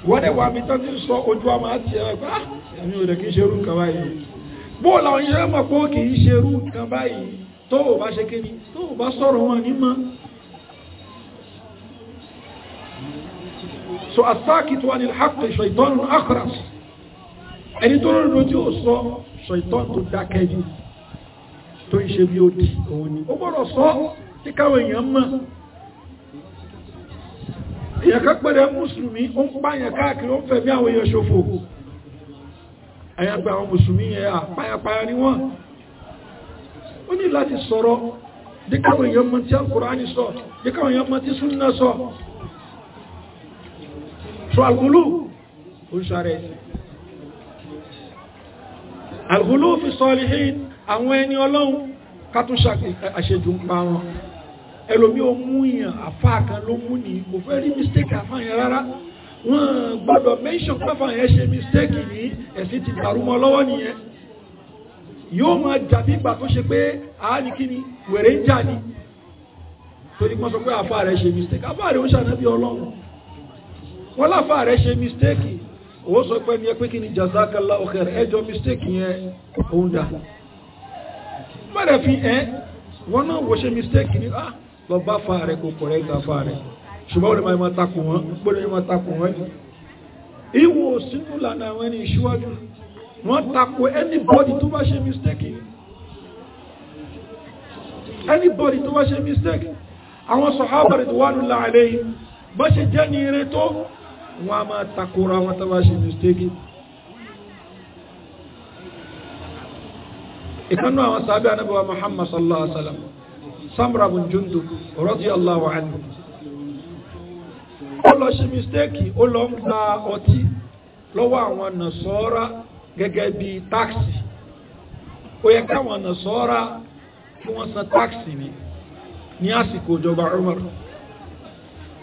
wọ́n dẹ̀ wà mí tó ti sọ ojú àmà àti ẹ̀rọ pé ah èmi ò dẹ̀ kí n ṣe irú nǹkan báyìí bóòlù àwọn iṣẹ́ mọ̀ pé ó kì í ṣe irú nǹkan báyìí tó o bá ṣe kíni tó o bá sọ̀rọ̀ wọn ní mọ́ so asákìtú anil haqqi ṣètọ́nù akhras ẹni tó lórí lójú ò sọ ṣètọ́n tó dákẹ́ ní tó ń ṣe bí ó di òun ni ó gbọ́dọ̀ sọ tí káwọn èèyàn mọ̀ èèyàn kan pẹ̀lẹ́ mùsùlùmí ó ń pààyàn káàkiri ó ń fẹ̀mí àwọn èèyàn ṣòfò àyàgbà àwọn mùsùlùmí yẹn àpáyàpáyà ni wọ́n ó ní láti sọ̀rọ̀ díkàwọn èèyàn mọ̀ tí Al-Kùránì sọ díkàwọn èèyàn mọ̀ tí súnnà sọ so àlùkùlù ó ń sọ ara ẹ̀sìn àlùkùlù fi salihin àwọn ẹni ọlọ́run ká tún àṣejù ń pa wọn ẹlòmí ò mú yàn àfa kan ló mú ni kò fẹ́ rí mistake àfa yẹn rárá wọn gbọ́dọ̀ mention pé àfa yẹn ṣe mistake ní ẹ̀sìn ti dàrúmọ́ lọ́wọ́ nìyẹn yóò máa jàbí ìgbà tó ṣe pé àání kí ni ń jà ní torí wọ́n sọ pé àfa rẹ̀ ṣe mistake àfa rẹ̀ ó ṣàná bí ọlọ́run wọ́n láfa rẹ̀ ṣe mistake òun sọ pé ní ẹ pé kí ni jazakallahu khair ẹjọ́ mistake yẹn òun dà mọ̀rẹ̀ fi ẹ́ wọ́n náà wò ṣe mistake ni ah lọ bá fa rẹ̀ kò kọ̀rẹ́ ìta fa rẹ̀ ṣùgbọ́n olè máa takò wọ́n gbọ́dọ̀ yẹn máa takò wọ́n ni ìwò sínú lànà àwọn ẹni ìṣíwájú wọ́n takò anybody tó bá ṣe mistake anybody tó bá ṣe mistake àwọn sọ̀hábàrì tó wà nílà àlẹ́ yìí bá jẹ́ ní eré tó wọn a máa takora wọn tó bá ṣe mistake. ìkànnú àwọn sábẹ́ anábíwá Muhammad sallallahu alayhi wa sallam Samra bin Jundub radiyallahu anhu ó lọ ṣe mistake ó lọ ń gba ọtí lọ́wọ́ àwọn nàṣọ́ra gẹ́gẹ́ bí táksì ó yẹ káwọn nàṣọ́ra kí wọ́n san táksì ni ní àsìkò ìjọba Umar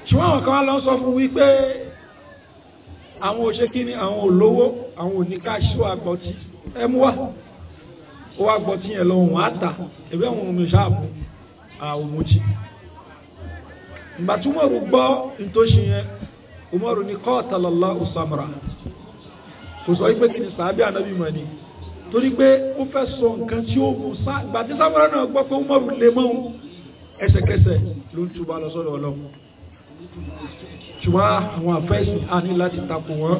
ṣùgbọ́n àwọn kan lọ sọ fún wípé àwọn òṣèké ni àwọn olówó àwọn oníkàṣó àgbọ̀tì ẹ mú wá ó wá gbọ́tì yẹn lọ òun á tà ẹ̀bí àwọn omi ṣáàbù àwọn òmùtì ìgbà tí Umaru gbọ́ nítòsí yẹn Umaru ní kọ́ọ̀tàlọ́lá ọ̀sàmùrà kò sọ wípé kí ni sàábì ànábì mọ̀ ni torí pé ó fẹ́ sọ nǹkan tí ó mú sá ìgbà tí náà gbọ́ pé Umaru lè mọ́ ẹsẹ̀kẹsẹ̀ ló ń túbọ̀ lọ sọ́dọ̀ Ọlọ́run ṣùgbọ́n àwọn àfẹ́sìn á ní láti takò wọ́n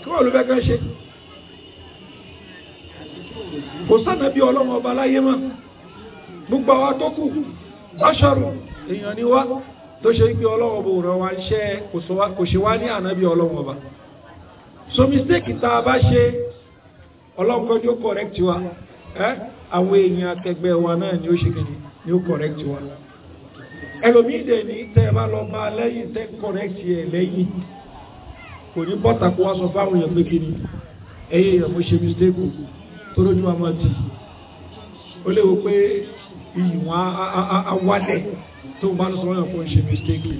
kí wọ́n ló fẹ́ kán ṣe. kò sànà bí ọlọ́run ọba láyé mọ́ gbogbo àwa tó kù báṣọrù èèyàn ni wá tó ṣe pé ọlọ́run ọba òràn wa ṣẹ́ kò ṣe wá ní ànábì ọlọ́run ọba. so mistake tá a bá ṣe ọlọ́run kan yóò correct wa àwọn èèyàn akẹgbẹ́ wa náà ni ó ṣe kìíní ni ó correct wa ẹlòmíì dè ní tẹ́ ẹ bá lọ bá lẹ́yìn tẹ́ kọ̀rẹ́tì ẹ̀ lẹ́yìn kò ní bọ́tà kó wá sọ fáwọn èèyàn pé kíni ẹ̀yẹ èèyàn mo ṣe mistake tó lójú wa máa tì ó léwu pé ìwọ̀n awálẹ̀ tó bá ń sọ̀rọ̀ yàn kó ń ṣe mistake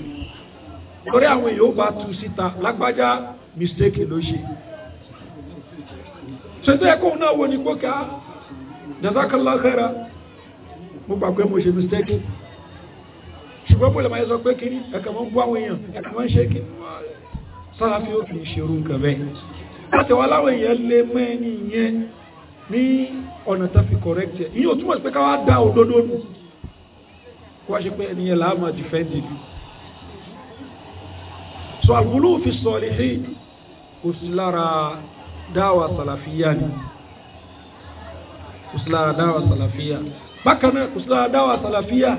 lórí àwọn èèyàn ó bá tu síta lágbájá mistake ló ṣe ṣètò ẹ̀kọ́ náà wo ni gbókè á jazakallah khaira mo gbà pé mo ṣe mistake ṣùgbọ́n bóyá máa sọ pé kí ẹ̀ka máa ń bú àwọn èèyàn ẹ̀ka máa ń ṣe kí sálàfí ó kì í ṣerú nǹkan bẹ́ẹ̀ láti wá láwọn èèyàn lé mẹ́ni yẹn ní ọ̀nà tó fi correct ẹ̀ ìyẹn ò túmọ̀ sí pé káwá dá òdodo nù kó wá ṣe pé ẹni yẹn làá máa defend it so àgbòló fi salihin kò sí lára dáwà sàlàfíyà ni kò sí lára dáwà sàlàfíyà bákan náà kò sí lára dáwà sàlàfíyà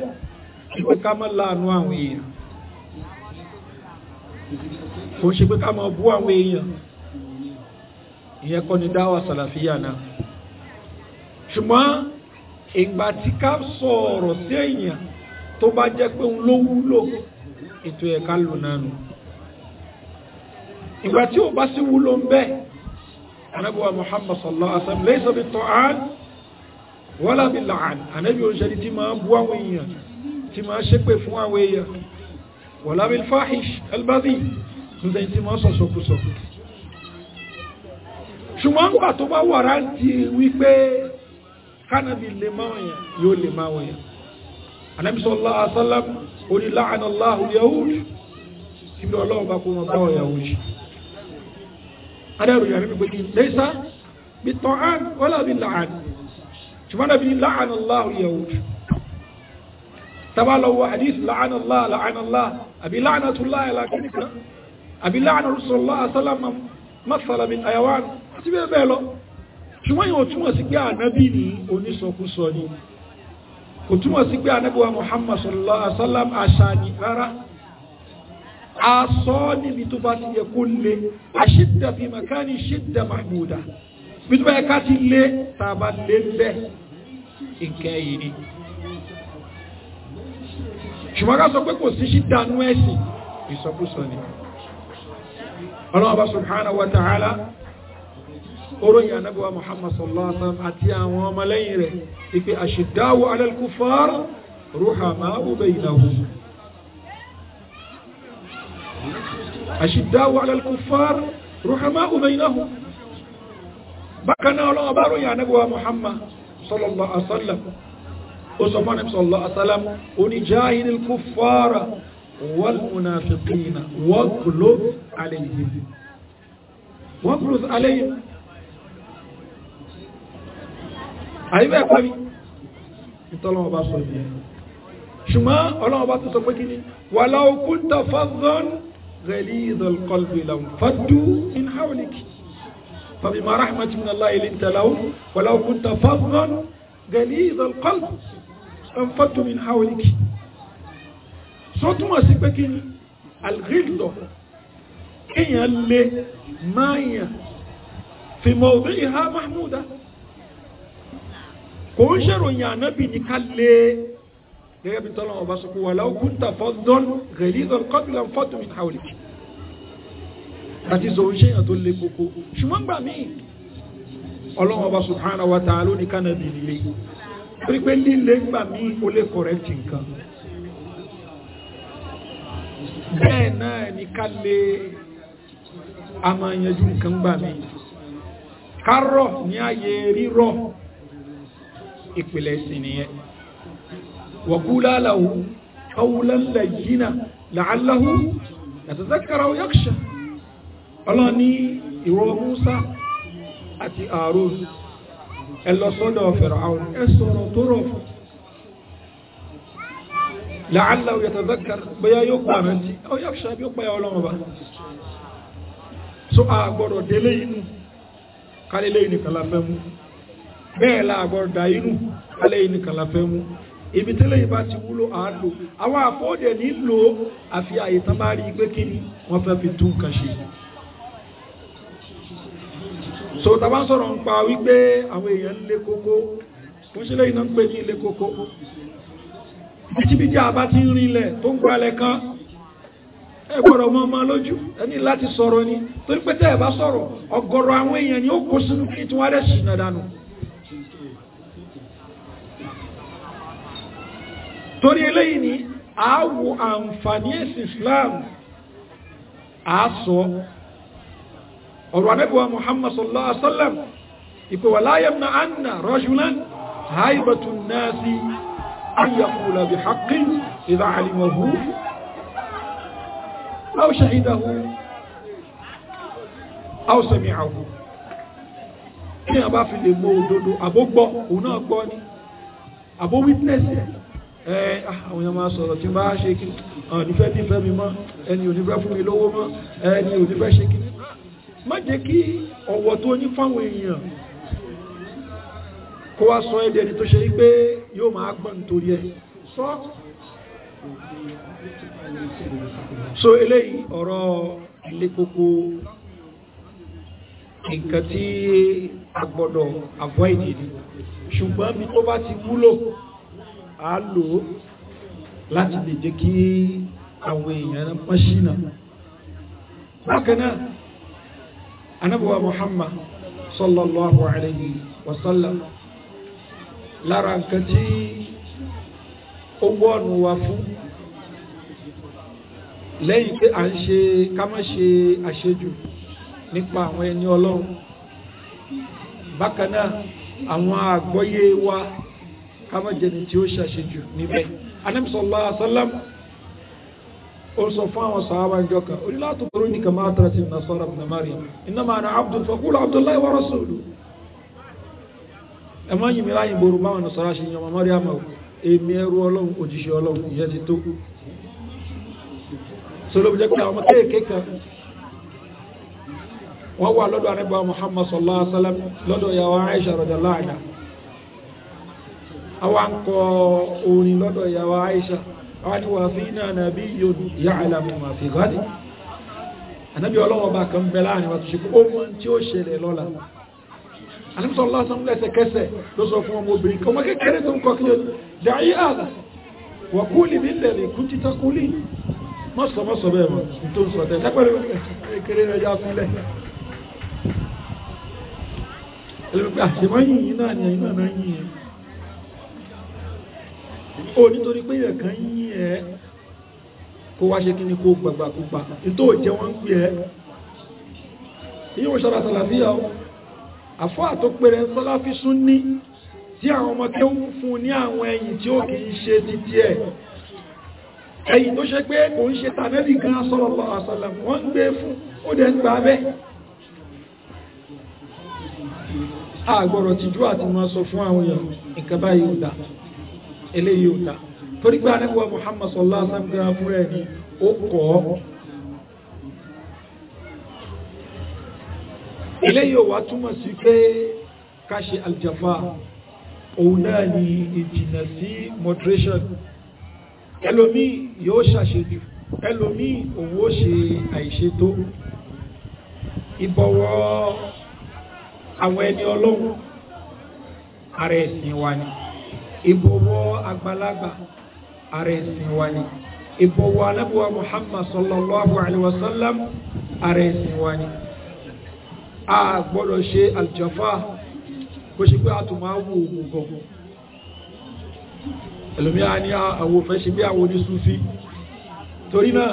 pé ká má láàánú àwọn èèyàn kò ṣe pé ká má bú àwọn èèyàn ìyẹn kọ́ ni dáwà sàlàfíà náà ṣùgbọ́n ìgbà tí ká sọ̀rọ̀ sí èèyàn tó bá jẹ́ pé òun ló wúlò ètò ẹ̀ka lò náà nù ìgbà tí ò bá sí wúlò ń bẹ anábíwá Muhammad sallallahu alaihi wasallam laysa bi ta'an wala bi la'an anábíwá òṣèlú ti máa bú àwọn èèyàn tí máa ṣépè fún àwọn èèyàn wala bil fahish al-badhi tó sẹ́yìn tí máa sọ̀sọ̀kùsọ̀ ṣùgbọ́n gbà tó bá wàrà ti wípé kánàbì lè máa yẹn yóò lè máa wọ̀nyẹn Ànábì sallallahu alaihi wasallam orí la'ana Allahu al-yahud ibi ọlọ́run bá kó wọn bá ọ̀yà òjì adẹ́rù yàrá pípé kí lẹ́sà bí tọ́ wọ́n làbí la'an ṣùgbọ́n nàbí la'ana Allahu al-yahud tabalọ́wọ́ hadith la'anallah la'anallah àbí la'anatullah ìlàkìnìkan àbí la'ana rasulullah asálàmà masalabi ayawan àti bẹ́ẹ̀ bẹ́ẹ̀ lọ ṣùgbọ́n yóò túmọ̀ sí pé ànábì ní onísọkúsọ ni kò túmọ̀ sí pé ànábì wa muhammad sallallahu alaihi wasallam àṣà ni rárá a sọ níbi tó bá ti yẹ kó lé àṣìdà fi makani ṣìdà mahmuda bí tó bá yẹ ká ti lé tàbá lé bẹ́ẹ̀ nǹkan yìí ni ṣùgbọ́n ká sọ pé kò sí ṣídà nú ẹ̀sìn ìsọkúsọ ni ọlọ́run bá subhanahu wa ta'ala oróyìn anábíwá muhammad sallallahu alaihi wa sallam àti àwọn ọmọlẹ́yìn rẹ̀ ìpè ashiddawu ala al-kuffar ruhamau baynahum ashiddawu ala al-kuffar ruhamau baynahum bákan náà ọlọ́run bá ròyìn anábíwá muhammad sallallahu alaihi wa sallam ó sọ fún àníbísọ̀ lọ asálám oníjáhìn kúfàrà wàlmùnàfíkìnà wọ́gbùló àlẹ́yìn wọ́gbùló àlẹ́yìn àyíbẹ̀ ẹ̀kọ́ mi ìtọ́lọ́wọ́ bá sọ ìdí ṣùgbọ́n ọlọ́wọ́ bá tó sọ pé kí ni wà láwọ́ kún tà fásán rẹ̀lí ìdọ̀lkọlù ìlànà fàdú in haulik فبما رحمة من الله لنت لهم ولو كنت فظا غليظ القلب anfadu min hawlik so túmọ̀ sí pé kí ni alghidlo èèyàn lè máa yàn fi mawdi'iha mahmuda kò ń ṣèròyìn ànábì ní ká lè gẹ́gẹ́ bí tọ́lọ́ ọba sọ pé walau kunta faddan ghalizal qalbi anfadu min hawlik àti sọ̀rọ̀ ṣéyàn tó lè koko ṣùgbọ́n gbà míì ọlọ́run ọba subhanahu wa ta'ala ní kánàbì nílé torí pé líle gbà mí o lè kọ̀rẹ́tì nǹkan bẹ́ẹ̀ náà ni ká lè a máa yanjú nǹkan gbà mí ká rọ̀ ní ààyè rírọ̀ ìpìlẹ̀ sí nìyẹn wàkúlá làwù qawlan layyina la'allahu yatadhakkara aw yakhsha ọlọ́ni ìwọ Musa àti Aaron ẹ lọ sọ́dọ̀ Fáráò ẹ sọ̀rọ̀ tó rọ̀ fún làálà òye tẹ̀fẹ́kẹ́ bóyá yóò pa àmì tí ó yà fìṣà bí ó pa ẹ ọlọ́run bá so a gbọ́dọ̀ délé inú kálílé nìkan la fẹ́ mú bẹ́ẹ̀ la gbọ́dọ̀ dá inú kálílé nìkan la fẹ́ mú ibi tẹ́lẹ̀ yìí bá ti wúlò à ń lò àwọn nílò àfi àyè tán bá rí i pé fi tún nǹkan yìí. so tàbá ń wípé àwọn èèyàn lé kókó wọ́n ṣe náà ń pè ní ilé kókó bíjìbíjì àbá ti ń rinlẹ̀ tó ń gbalẹ̀ kan ẹ gbọ́dọ̀ mọ ọmọ lójú ẹni láti sọrọ ni torí pé tẹ́ ẹ bá àwọn èèyàn ni ó kó sínú kí tí sì nà dànù. torí eléyìí ni àá wo àǹfààní Islam ọ̀rọ̀ anábíwá muhammad sallallahu alaihi wasallam ìpè wà láyẹ̀m na anna rajulan haibatu nasi ayyakula bi haqqin idha alimahu law shahidahu aw sami'ahu ní àbá fi lè mọ òdodo àbógbọ́ òun náà gbọ́ ni àbó witness ẹ ah, àwọn èèyàn máa sọ̀rọ̀ tí bá ṣe kí ọ̀nìfẹ́ tí fẹ́ mi mọ́ ẹni ò ní fẹ́ fún mi lówó mọ́ ẹni ò ní fẹ́ ṣe kí má jẹ́ kí ọ̀wọ̀ tó ní fáwọn èèyàn kó wá sọ ẹ̀dẹ̀ ni tó ṣe wípé yóò máa gbọ́n nítorí ẹ̀ sọ so eléyìí ọ̀rọ̀ ilé kókó nǹkan tí a gbọ́dọ̀ avoid ni ṣùgbọ́n bí tó bá ti wúlò á lò láti lè jẹ́ kí àwọn èèyàn mọ́ṣínà bákan anábọ̀wá muhammad sallallahu alayhi wa sallam lára nǹkan tí ó gbọ́ọ̀nù wa fún lẹ́yìn pé à ń ṣe ká má ṣe àṣejù nípa àwọn ẹni ọlọ́run bákan náà àwọn àgbọ́yé wa ká má jẹni tí ó ṣàṣejù níbẹ̀ anamsọ̀lá sálám ó sọ fún àwọn sàhábà ń jọka ó ní láti kúrò ní kàmá àtàràtì nasara ibn Maryam innama ana abdul faqulu abdullahi wa rasulu ẹ má yìí mi láyìn borò báwọn nasara ṣe yan ọmọ Maryam o èmi ẹrú Ọlọ́run òjíṣẹ́ Ọlọ́run ìyẹn ti tó sọlọ́bù jẹ́ pé àwọn kéèké kan wọ́n wà lọ́dọ̀ anábà Muhammad sallallahu alaihi wasallam lọ́dọ̀ ìyàwó Aisha radhiyallahu anha àwọn akọ orin lọ́dọ̀ ìyàwó Aisha àwọn ni wàá fi náà nàbí yóò ya'lamu ma fi ghadi ànábì ọlọ́wọ́ bá kan bẹ láàrin wa tó ṣe ó mọ tí ó ṣẹlẹ̀ lọ́la àlùfáà lásán lẹ́sẹ̀kẹsẹ̀ ló sọ fún ọmọbìnrin kan ọmọ kékeré tó ń kọ kí dàí àlà wà kúlì mí lẹ̀lẹ̀ kú títà kúlì má sọ má sọ bẹ́ẹ̀ mọ̀ tó ń sọ tẹ́ lápẹ́rẹ́ kékeré rẹ̀ yá fúnlẹ̀ ẹlẹ́gbẹ́ àṣemọ́yìn ah, yìí náà ni ẹ̀yìn náà náà yìí ó nítorí pé èèyàn kan yín ẹ kó wá ṣe kí ni kó gbàgbà kó pa nítò jẹ wọn ń gbé ẹ yíò ṣara sàlàfíà o àfọ àtọpẹrẹ sàlàfí sún ní tí àwọn ọmọ tó ń fún ní àwọn ẹ̀yìn tí ó kì í ṣe ní díẹ̀ ẹ̀yìn tó ṣe pé kò ń ṣe tàbẹ́bì kan sallallahu alaihi wasallam wọ́n ń gbé fún ó dẹ̀ ń gbà bẹ́ àgbọ̀rọ̀ tìjú àti máa sọ fún àwọn èèyàn nǹkan báyìí ò dáa eléyìí ò ta torí pé anábíwá Muhammad sallallahu alaihi wasallam fúnra ẹni ó kọ́ eléyìí ò wá túmọ̀ sí pé ká ṣe aljafa òun náà ni ìjìnà sí moderation ẹlòmíì yóò ṣàṣejù ẹlòmíì òun ó ṣe àìṣètò ìbọ̀wọ̀ àwọn ẹni ọlọ́run ara ẹ̀sìn wa ni ìbọ̀wọ̀ àgbàlagbà ààrẹ ẹ̀sìn wa ni ìbọ̀wọ̀ anábùwà muhammad sallallahu alayhi wa sallam ààrẹ ẹ̀sìn wa ni a gbọ́dọ̀ ṣe aljafa bó ṣe pé a tún máa wù ú gbogbo ẹlòmíà ni àwọn òfẹ́ ṣe bí àwọn onísúfí torí náà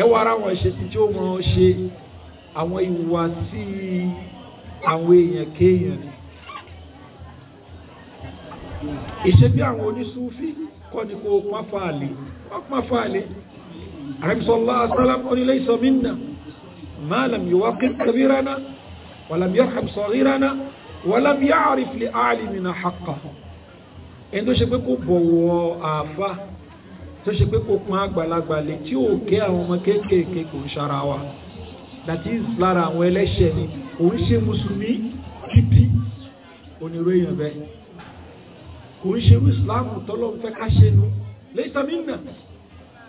ẹ wá ara wọn ṣe tí ó mọ ṣe àwọn ìwà tí àwọn èèyàn kéèyàn ni ìṣe bí àwọn oníṣúfì kọ́ ni kò pàfààlì pàfààlì àrẹ́bísọ́lá asálàm onílé ìsọmínà máa làm yíwá kébíránà wàlàm yarham sọ̀ríránà wàlàm ya'rif li alimina haqqahu ẹni tó ṣe pé kò bọ̀wọ̀ àáfà tó ṣe pé kò pọn àgbàlagbà lè tí ò gé àwọn ọmọ kéékèèké kò ń ṣara wa that lára àwọn ẹlẹ́ṣẹ̀ ni òun mùsùlùmí kíbi onírú èèyàn bẹ́ẹ̀ kò ń ṣerú ìsìláàmù tọ́lọ́ fẹ́ ká ṣe nu lẹ́tàmínà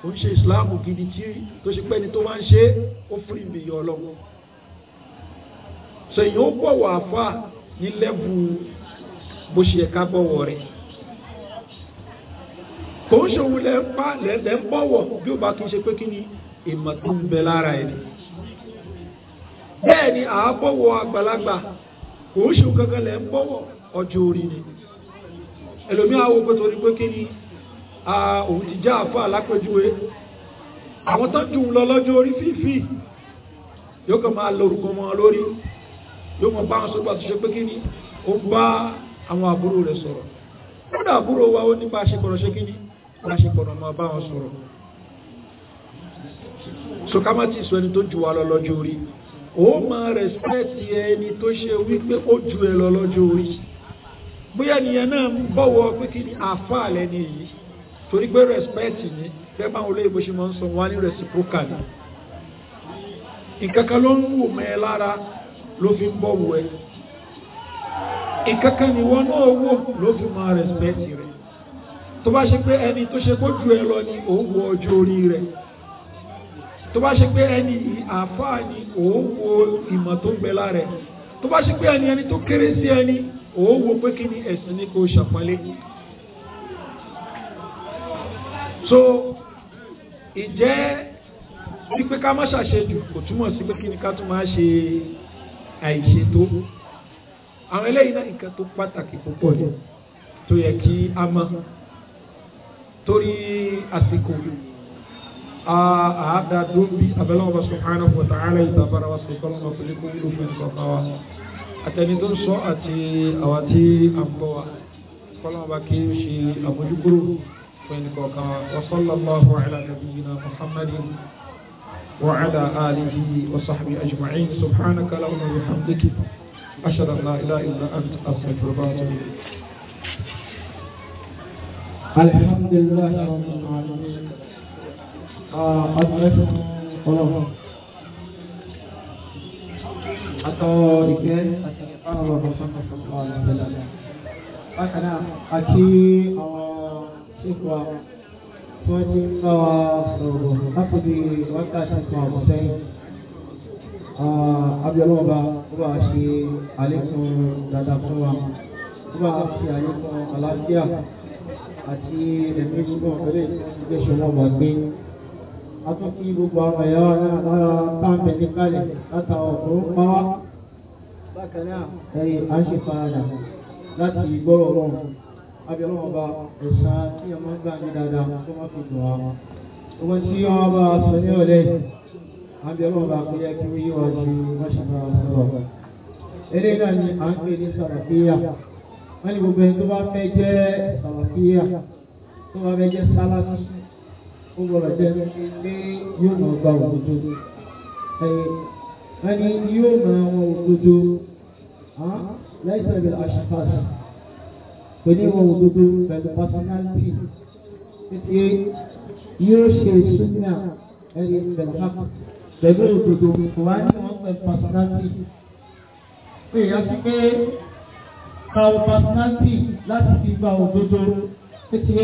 kò ń ṣe ìsìláàmù gidi tí tó ṣe pẹ́ni tó máa ń ṣe ó fún ìbí yọ ọlọ́run sọ èyàn ó bọ̀wọ̀ àfa ní lẹ́bù bó ṣe ẹ̀ka bọ̀wọ̀ rẹ̀ kò ń ṣòwò lẹ́ ń pa ń bọ̀wọ̀ bí ó bá kí ṣe pé kí ni ìmọ̀ tó ń bẹ lára ẹ̀ bẹ́ẹ̀ ni àá bọ̀wọ̀ àgbàlagbà kò ń ṣòwò kankan lẹ́ ń bọ̀wọ̀ ọjọ́ orí ni ẹlòmí àwọn òpótò ní pé kí ni òun ti já àfà lápẹjúwe àwọn tó jù lọ lọ́jọ́ orí fífì yóò kàn máa lórúkọ mọ́ lórí yóò mọ̀ bá wọn sọ́gbà tó ṣe pé kí ni ó ń bá àwọn àbúrò rẹ̀ sọ̀rọ̀ kódà àbúrò wa ó nípa àṣepọ̀rọ̀ ṣe kí ni wọ́n àṣepọ̀rọ̀ máa bá wọn sọ̀rọ̀ so ká má ti sọ ẹni tó jù wá lọ lọ́jọ́ orí ó máa rẹ̀spẹ́tì ẹni tó ṣe wípé ó jù ẹ lọ lọ́jọ́ orí bóyá nìyẹn náà ń bọ̀wọ̀ pé kí ni àáfàá lẹ́ni yìí torí pé respect ni fẹ́ máa wọlé bó ṣe máa ń sọ wọn ní reciprocal ni ìkankan ló ń wò mọ́ ẹ lára ló fi ń bọ̀wọ̀ ẹ ìkankan ni wọn náà wò ló fi máa respect rẹ tó bá ṣe pé ẹni tó ṣe kó ju ẹ lọ ni òun wọ ọjọ́ orí rẹ tó bá ṣe pé ẹni àáfàá ni òun wo ìmọ̀ tó ń lára ẹ tó bá ṣe pé ẹni ẹni tó kéré sí ẹni òun pé kí ni ẹ̀sìn ní kò ṣàpọ́nlé so ìjẹ́ wípé ká má ṣàṣejù kò túmọ̀ sí pé kí ni ká tún máa ṣe àìṣètò àwọn eléyìí náà nǹkan tó pàtàkì púpọ̀ ni tó yẹ kí a mọ̀ torí àsìkò àádá dóbi abẹ́lẹ́wọ̀n bá subhanahu wa ta'ala ìtàbára wa sọ̀tọ́lọ́mọ̀ pẹ̀lú kó wúlò fún ìsọ̀tà wa àtẹni tó ń sọ àti àwọn tí a ń bọ̀ wá kọ́lọ́mọba kí ó ṣe àmójúkúrò fún ẹnì kọ̀ọ̀kan wa wa sallallahu ala nabiyyina muhammadin wa ala alihi wa sahbihi ajma'in subhanaka allahumma wa bihamdika ashhadu an la ilaha illa anta astaghfiruka wa atubu ilayk الحمد ọ̀rọ̀ ọ̀sánfọ̀sọ̀fọ̀ ọ̀rọ̀ ọ̀bẹ̀lẹ̀ bákan náà àti àwọn ṣèkọ àwọn tí wọ́n ti ń bá wa sọ̀rọ̀ lápòdì wákàtí kan ọ̀pọ̀ sẹ́yìn abiyọlọ́wọ́ bá ó bá ṣe àlékún dáadáa fún wa ó a ṣe àlékún àlàáfíà àti ẹ̀mí gbígbọ́n pẹ̀lú ìgbésẹ̀ wọn bá gbé a tún kí gbogbo àwọn ẹ̀yà wa náà lára táǹpẹ̀ níkàlẹ̀ látàwọn òkúrú pa wá ẹ̀yìn à ń ṣe farada láti gbọ́rọ̀ ọlọ́run àbí ọlọ́run ọba ẹ̀sà tí a máa ń gbà ní dáadáa tó máa fi dùn àwọn. ọmọ tí wọn bá sọ ní ọ̀lẹ́ àbí ọlọ́run ọba yẹ kí wọ́n yí ju wọ́n sọ̀rọ̀. eré náà ni à ń pè ní sàràkíyà wọ́n ní gbogbo ẹni tó bá fẹ́ jẹ́ sàràkíyà tó bá fẹ́ jẹ́ sálátì ó gbọ́dọ̀ jẹ́ pé yóò máa gba òdodo ẹ̀yìn wọ́n ní yóò máa wọn òdodo lẹ́sẹ̀ rẹ̀ aṣàfàṣà pẹ̀lú ìwọ̀n òdodo pẹ̀lú pàṣánálítì títí yóò ṣe súnmíà ẹni pẹ̀lú hàpù pẹ̀lú òdodo wà ní wọn pẹ̀lú pàṣánálítì. pé ìyá sí pé káwọn pàṣánálítì láti fi gba òdodo títí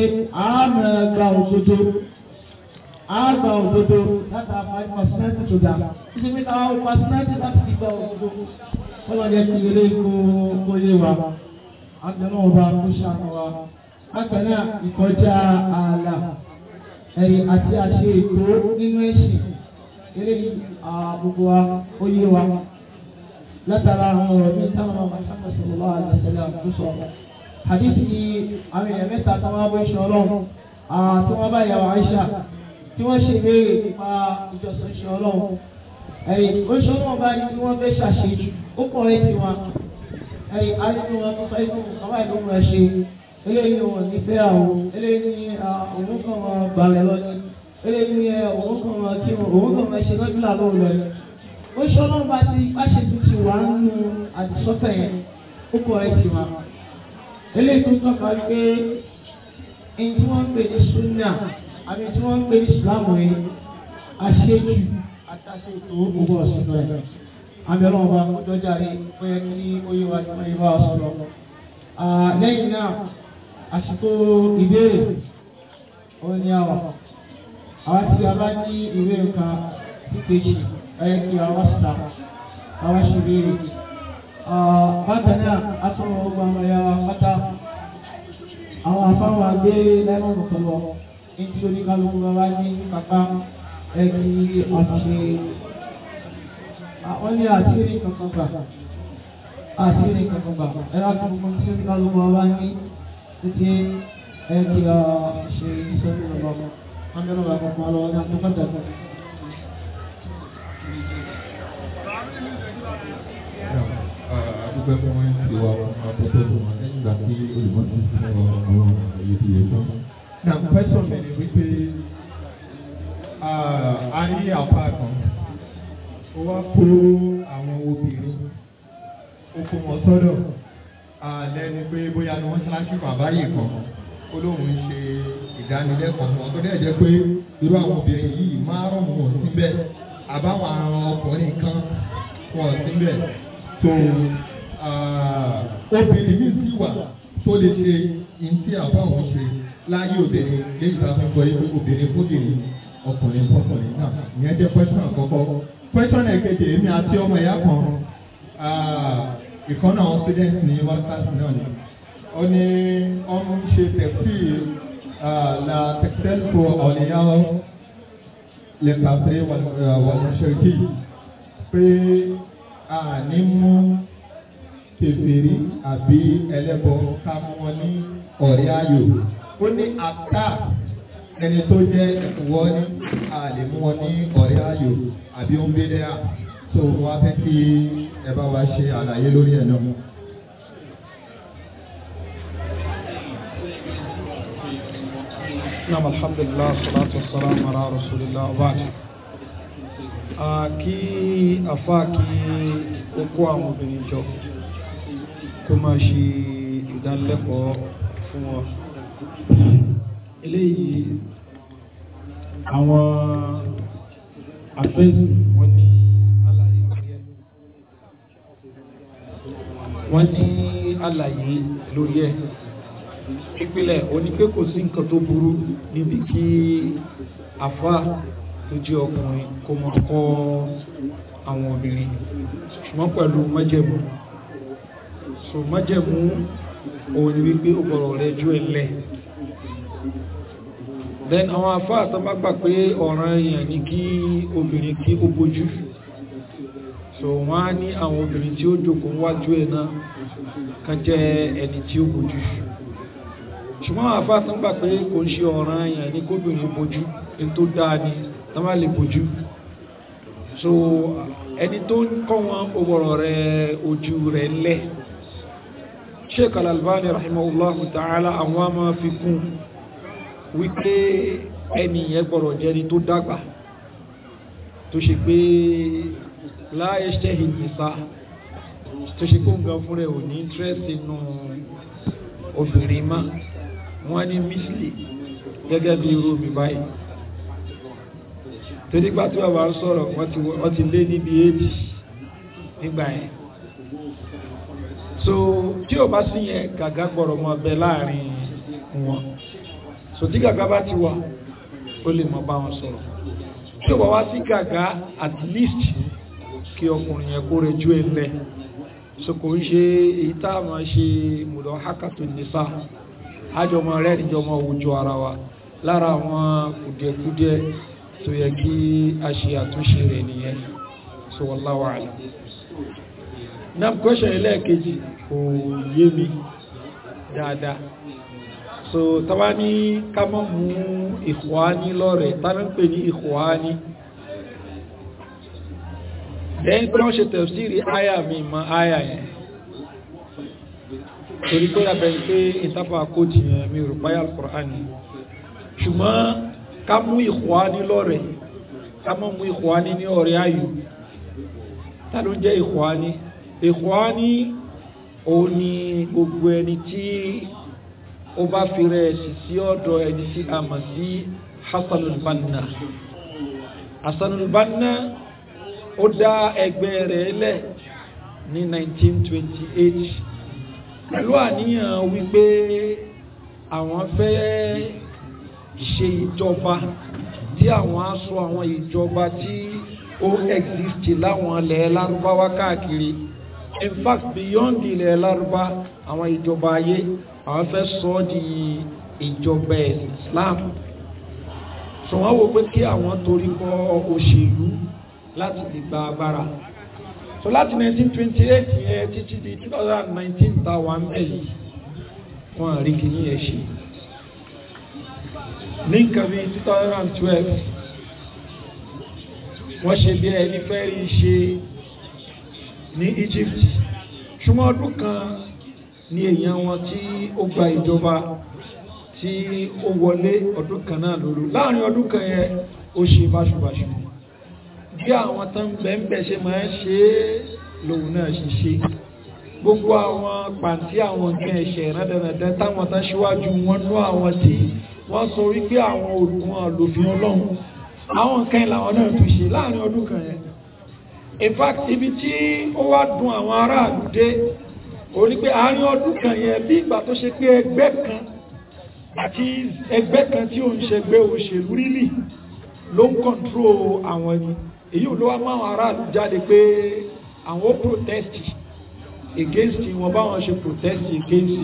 àmì gba òdodo àgbà òdodo látàgbà pàṣánálítì tó dà títí pé káwọn pàṣánálítì láti fi gba òdodo ọlọ́jẹ́ ti lè kó kó yé wa àgbẹ̀nà ọba kó ṣàánú wa àgbẹ̀nà ìkọjá ààlà ẹ̀yìn àti àṣe ètò nínú ẹ̀sìn eléyìí gbogbo wa ó yé wa látara àwọn ọ̀rọ̀ mi táwọn ọmọ sábà sọ̀rọ̀ wá àlàsẹ̀lẹ̀ àkókò sọ̀rọ̀ hadith ni àwọn èèyàn mẹ́ta táwọn abọ́ ìṣọ̀ ọlọ́run àti wọn bá yà wá Aisha tí wọ́n ṣe ìbéèrè nípa ìjọsìn ìṣọ̀ ọlọ́run ẹ̀yìn oṣù ọlọ́run bá ní kí wọ́n fẹ́ ṣàṣejù ó kọ̀rẹ́ tí wọn ẹ̀yìn arínú wọn tó sọ inú ọmọ ìlú wọn ṣe eléyìí wọn ní fẹ́ àwọn eléyìí ní òun kan wọn balẹ̀ lọ ní eléyìí ní òun kan wọn kí wọn òun kan wọn ṣe lọ́jọ́ làlọ́ lọ ní. ó ṣe ọlọ́run bá ti báṣe tuntun wà nínú àdìsọ́tẹ̀ yẹn ó kọ̀rẹ́ tí wọn. eléyìí tó tọ́ka pé ẹni tí wọ́n ń pè ní sunna àbí tí wọ́n ń pè ní islam yẹn àṣejù àtàṣe ètò ògbó ọ̀sìn náà àbẹ̀rẹ̀ ọba ọjọ́ jáde fẹ́ kí oyè wa ti máa bá a sọ̀rọ̀. lẹ́yìn náà àsìkò ìbéèrè òun ni àwà àwa tí a bá ní ìwé nǹkan síkejì ẹ kí àwa sà àwa ṣe ìbéèrè. bákan náà a sọ̀rọ̀ ọgbà ọmọ ya pátá àwọn afáwọn agbé lẹ́nu ọ̀pọ̀lọpọ̀ nítorí kálukú bá wá ní kápá ẹ kí àwọn ní àṣírí kankan gbà àṣírí kankan gbà ẹ láti mú kí ó bá lọ́wọ́ wá ní títí ẹ kí ọ ṣe iṣẹ́ tó lọ́wọ́ mọ́ ángẹ́lọ́ bá kọ́ máa lọ́wọ́ náà tó bá dàgbà. Adúgbò ẹ̀fọ́ wọn ti wá wọn máa tó tó tó wọn lẹ́yìn ìgbà tí olùkọ́ ti fún ọ àwọn àyè ti yẹ tán. Nà pẹ́sọ̀n mi ni wípé uh, a ní àpá kan ó wá kó àwọn obìnrin ó kó wọn sọ́dọ̀ lẹ́ni pé bóyá ni wọ́n ṣáájú bàbá yìí kan ó lóun ṣe ìdánilẹ́kọ̀ọ́ fún wọn tó dẹ̀ jẹ́ pé irú àwọn obìnrin yìí márùn-ún wọn síbẹ̀ àbáwọn àwọn ọkùnrin kan wọn síbẹ̀ tó obìnrin mi sì wà tó lè ṣe ìǹtí àbáwọn ṣe láyé obìnrin léyìí tá a fẹ́ gbọ́ yìí pé obìnrin fóbìnrin ọkùnrin fọkùnrin náà ìyẹn jẹ́ pẹ́sán àkọ́kọ́ question ẹ̀kejì èmi àti ọmọ ìyá kan ìkànnà student ní wákàtí náà ni ó ní ọmọ ń ṣe tẹ̀sí la textile pro ọ̀nìyá lè pàṣẹ wàlúṣẹ́kì pé a ní mú kèfèrí àbí ẹlẹ́bọ ká mú wọn ní ọ̀rẹ́ ayò ó ní àtà ẹni tó jẹ́ ìwọ ní àlè ní ọ̀rẹ́ ayò àbí ń bẹ́lẹ́ à tó wọn fẹ́ kí ẹ bá wa ṣe àlàyé lórí ẹ̀ náà. Nam alhamdulillah salatu salam ala rasulillah wabarakatuh. Kí afa kí ó àwọn obìnrin jọ kó máa ṣe ìdánilẹ́kọ̀ọ́ fún wọn eléyìí àwọn àfẹ́sù wọ́n ní àlàyé wọ́n ní àlàyé lórí ẹ̀ ìpìlẹ̀ òní pé kò sí nǹkan tó burú níbi kí afá tó jẹ́ ọkùnrin kó máa kọ́ àwọn obìnrin ṣùgbọ́n pẹ̀lú májẹ̀mú so májẹ̀mú òun ni wípé ó gbọ́dọ̀ rẹ̀ ẹ̀ lẹ̀ then àwọn afá àtọ́bá gbà pé ọ̀ràn èèyàn ní kí obìnrin kí ó bójú so wọ́n á ní àwọn obìnrin tí ó jókòó wájú ẹ̀ náà kan jẹ́ ẹni tí ó bójú ṣùgbọ́n àwọn afá àtọ́bá pé kò ń ṣe ọ̀ràn èèyàn ní kóbìnrin bójú ní tó dáa ni tó lè bójú so ẹni tó ń kọ́ wọn òwòrò rẹ̀ ojú rẹ̀ lẹ̀ Sheikh Al-Albani rahimahullahu ta'ala àwọn máa fi kún un wípé ẹni yẹn gbọ́dọ̀ jẹ́ ẹni tó dàgbà tó ṣe pé láyé ṣẹ́hìn nìsa tó ṣe kó ń gan fún rẹ̀ ò ní interest nù obìnrin má wọ́n ní mísìlì gẹ́gẹ́ bí irú mi báyìí torí gbà tí bàbá ń sọ̀rọ̀ wọ́n ti lé níbi éèdì nígbà yẹn so tí o bá sí yẹn gàgà gbọ́dọ̀ mọ́ ọbẹ̀ láàrin wọn sòtí gàgà bá ti wà ó lè mọ bá wọn sọ̀rọ̀ tí ó bá wá sí gàgà at least kí ọkùnrin yẹn kó rejú ẹ lẹ sọkò ń ṣe èyí tá a máa ṣe mùlọ hákàtò nìfà àjọmọ rẹ níjọmọ òwòjọ ara wa lára àwọn kùdìẹ̀kùdìẹ̀ tó yẹ kí a ṣe àtúnṣe rẹ nìyẹn sọ wallahu a'lam. nam question ẹlẹ́ẹ̀kejì kò yé mi dáadáa so tawani ní mu mọ́ mú ikhwani lọ́rẹ̀ tánà ń pè ní ikhwani lẹ́yìn pé wọ́n ṣe tafsiri àyà mi mọ́ àyà yẹn torí pé abẹ́yìn pé ìtafà kóòtù yẹn mi rò báyà al-Qur'ani ṣùgbọ́n ká mú ikhwani lọ́rẹ̀ ká mọ́ ikhwani ní ọ̀rẹ́ ayò ta ló ń ikhwani ikhwani òun gbogbo ẹni tí ó bá fi rẹ̀ sí sí ọ̀dọ̀ ẹni Hasanul Banna Hasanul Banna ó dá ẹgbẹ́ rẹ̀ lẹ̀ ní 1928 pẹ̀lú àníyàn wípé àwọn fẹ́ ṣe ìjọba tí àwọn á sọ àwọn ìjọba tí ó exist láwọn ilẹ̀ lárúbáwá káàkiri in fact beyond ilẹ̀ lárúbá àwọn ìjọba ayé àwọn fẹ́ sọ ọ́ di ìjọba ẹ̀sìn Islam sọ wọ́n wò pé kí àwọn torí bọ́ òṣèlú láti lè gba agbára so láti 1928 yẹn títí di 2019 tá a wà ń bẹ̀ yìí wọ́n àrí kìíní yẹn ṣe ní nǹkan bíi 2012 wọ́n ṣe bí ẹni fẹ́ rí ṣe ní Egypt ṣùgbọ́n ọdún kan ní èèyàn wọn tí ó gba ìjọba tí ó wọlé ọdún kan náà lóru láàrin ọdún kan yẹn ó ṣe báṣubàṣu bí àwọn tó ń bẹ̀ǹbẹ̀ ṣe máa ń ṣe é lòun náà ṣe ṣe gbogbo àwọn pàǹtí àwọn nǹkan ẹ̀ṣẹ̀ rádaràdá táwọn tán ṣíwájú wọn nú àwọn tí wọ́n sọ wípé àwọn olùwọ̀n lòfin ọlọ́run àwọn nǹkan làwọn náà tún ṣe láàrin ọdún kan yẹn in fact ibi tí ó wá dùn àwọn aráàlú dé ó ní pé àárín ọdún kan yẹn bí ìgbà tó ṣe pé ẹgbẹ́ kan àti ẹgbẹ́ kan tí ó ń ṣẹgbẹ́ òṣèlú rírì ló ń kọ́ńtró àwọn ẹni èyí ló wá máwọn aráàlú jáde pé àwọn ó protest against wọn báwọn ṣe protest against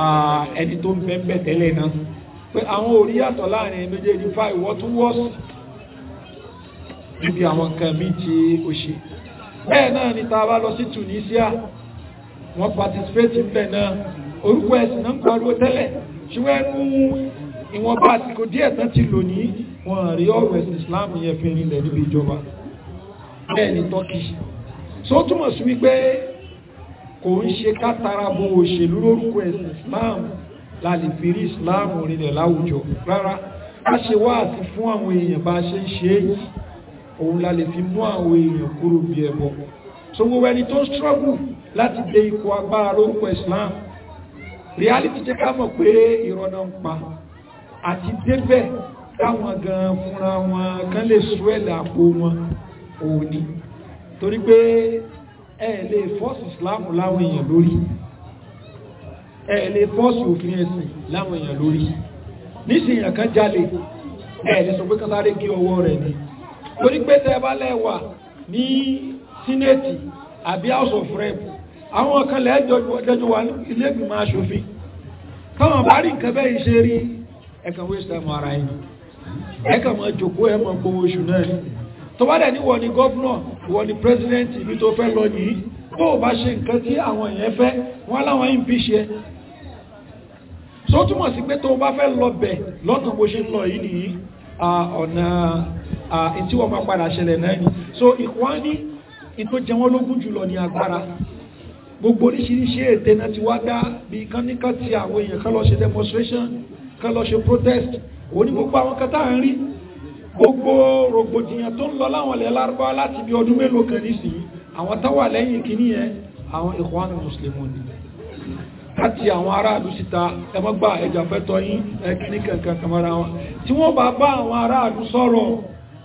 ah, ẹni tó ń bẹ ń bẹ tẹ́lẹ̀ náà pé àwọn ò rí yàtọ̀ láàrin méjèèjì fa ìwọ́ wọ́ọ̀sì níbi àwọn kan míì tí ó bẹ́ẹ̀ náà ni tá a bá lọ sí Tunisia wọ́n participate níbẹ̀ náà orúkọ ẹ̀sìn náà ń pariwo tẹ́lẹ̀ ṣùgbọ́n ẹnu ìwọ̀nba àsìkò díẹ̀ tán ti lò ní wọn àrí ọ̀rọ̀ ẹ̀sìn Islam yẹn fi rinlẹ̀ níbi ìjọba bẹ́ẹ̀ ni Turkey so ó túmọ̀ sí wípé kò ń ṣe kátara bo òṣèlú lórúkọ ẹ̀sìn Islam la fi rí Islam rinlẹ̀ láwùjọ rárá a ṣe wá àti fún àwọn èèyàn bá a ṣe ń ṣe é yìí òun la lè fi mú àwọn èèyàn kúrò bí ẹbọ so gbogbo ẹni tó ń struggle láti dé ipò agbára lórúkọ Islam reality jẹ́ ká mọ̀ pé ìrọ̀nà ń pa àti débẹ̀ káwọn gan fúnra wọn kán lè súwẹ́lẹ̀ àpò wọn òní torí pé ẹ lè fọ́ọ̀sì Islam láwọn èèyàn lórí ẹ lè fọ́ọ̀sì òfin ẹ̀sìn láwọn èèyàn lórí nísìnyàn kan jalè ẹ lè sọ pé kan sáré gé ọwọ́ rẹ̀ ni torí pé tẹ́ ẹ bá lẹ́wà ní sínẹ́ẹ̀tì àbí house of rep àwọn kan lẹ́ jọjọ wà ní ilé ìgbìmọ̀ aṣòfin káwọn bá rí nǹkan bẹ́ẹ̀ ṣe rí ẹ̀kan waste time ara yìí ẹ̀kan mọ̀ jòkó ẹ̀ mọ̀ gbowó oṣù náà ni tó bá dẹ̀ ní wọ́n ni gọ́fúnà wọ́n ni pírẹ́sidẹ́ǹtì ibi tó fẹ́ lọ yìí tó o bá ṣe nǹkan tí àwọn èèyàn fẹ́ wọ́n láwọn yìí ń bí ṣe tó túmọ̀ sí pé tó o bá fẹ́ lọ bẹ̀ lọ́nà bó ṣe ń lọ yìí nìyí ọ̀nà tí máa padà ṣẹlẹ̀ náà ni so ìkwáni ìtó jẹ wọ́n lógún jùlọ ní agbára gbogbo oríṣiríṣi ète náà ti wá dá bí kan ní ti àwọn èèyàn kan lọ ṣe demonstration kan lọ ṣe protest òní gbogbo àwọn kan tá à ń rí gbogbo rògbòdìyàn tó ń lọ láwọn ilẹ̀ lárúbáwá láti bí ọdún mélòó kan nísìnyí àwọn táwà lẹ́yìn kìíní yẹn àwọn Ikhwanul Muslimun ni láti àwọn aráàlú síta ẹmọ́gbà ẹjàfẹ́tọ́ yín ẹkìní kankan kamara wọn tí wọ́n bá bá àwọn aráàlú sọ̀rọ̀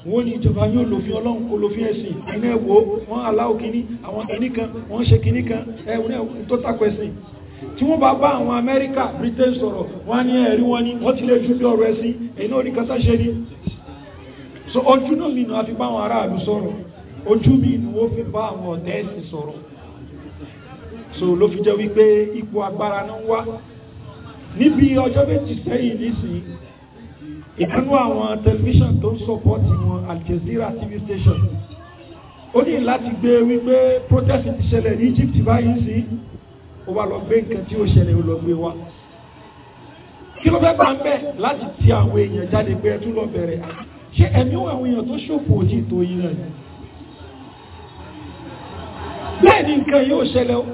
wọ́n ní ìjọba yóò lòfin ọlọ́run kò lòfin ẹ̀sìn iná ẹ̀wò wọ́n aláwọ̀ kìíní àwọn kìíní kan wọ́n ṣe kìíní kan ẹ̀wọ̀n tó takò ẹ̀sìn tí wọ́n bá bá àwọn Amẹ́ríkà Britain sọ̀rọ̀ wọ́n á ní ẹ̀rí wọn ni wọ́n ti lè ju bí ọ̀rọ̀ ẹ̀sìn èyí náà ní kátà ṣe ni so ojú náà nínú àfi bá àwọn aráàlú sọ̀rọ̀ ojú mi ni wọ́n fi bá àwọn ọ̀tẹ̀ sọ̀rọ̀ so ló fi jẹ́ wípé ipò agbára náà wá níbi ọjọ́ méjì sẹ́yìn nísìnyí ìdánwò àwọn tẹlifíṣàn tó ń sọpọ́tì wọn Al Jazeera TV station ó ní láti gbé e wípé protest ti ṣẹlẹ̀ ní Egypt báyìí sí ó wá lọ gbé nǹkan tí ó ṣẹlẹ̀ ó lọ gbé wá kí ló fẹ́ gbà ń bẹ̀ láti ti àwọn èèyàn jáde pé ẹ tún lọ bẹ̀rẹ̀ ṣé ẹ̀mí àwọn èèyàn tó ṣòfò òjì ìtòyí náà ni bẹ́ẹ̀ ni nǹkan yóò ṣẹlẹ̀ o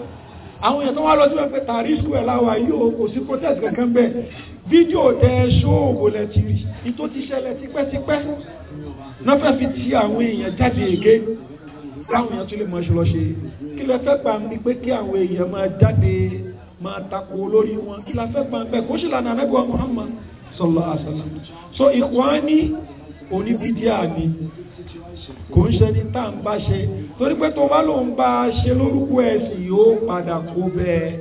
àwọn èèyàn tó wá lọ sí wọn pé tàrí ìṣúwẹ̀ láwa yóò kò sí protest kankan bẹ́ẹ̀ fídíò tẹ ẹ ṣóòwò lẹ ti rí ìtò ti ṣẹlẹ̀ tipẹ́tipẹ́ náà fẹ́ fi ti àwọn èèyàn jáde èké láwọn èèyàn tún lè mọ aṣọ lọ ṣe kí lẹ fẹ́ gbà mí pé kí àwọn èèyàn máa jáde máa takò lórí wọn kí lẹ fẹ́ gbà mí bẹ́ẹ̀ kó sì lànà ànábì wa Muhammad sallallahu alaihi wasallam so ikhwani oníbídíà ni kò ń ṣe ní tá à ń bá ṣe torí pé tó bá lòun bá ṣe lórúkọ ẹ̀sìn yóò padà kó bẹ́ẹ̀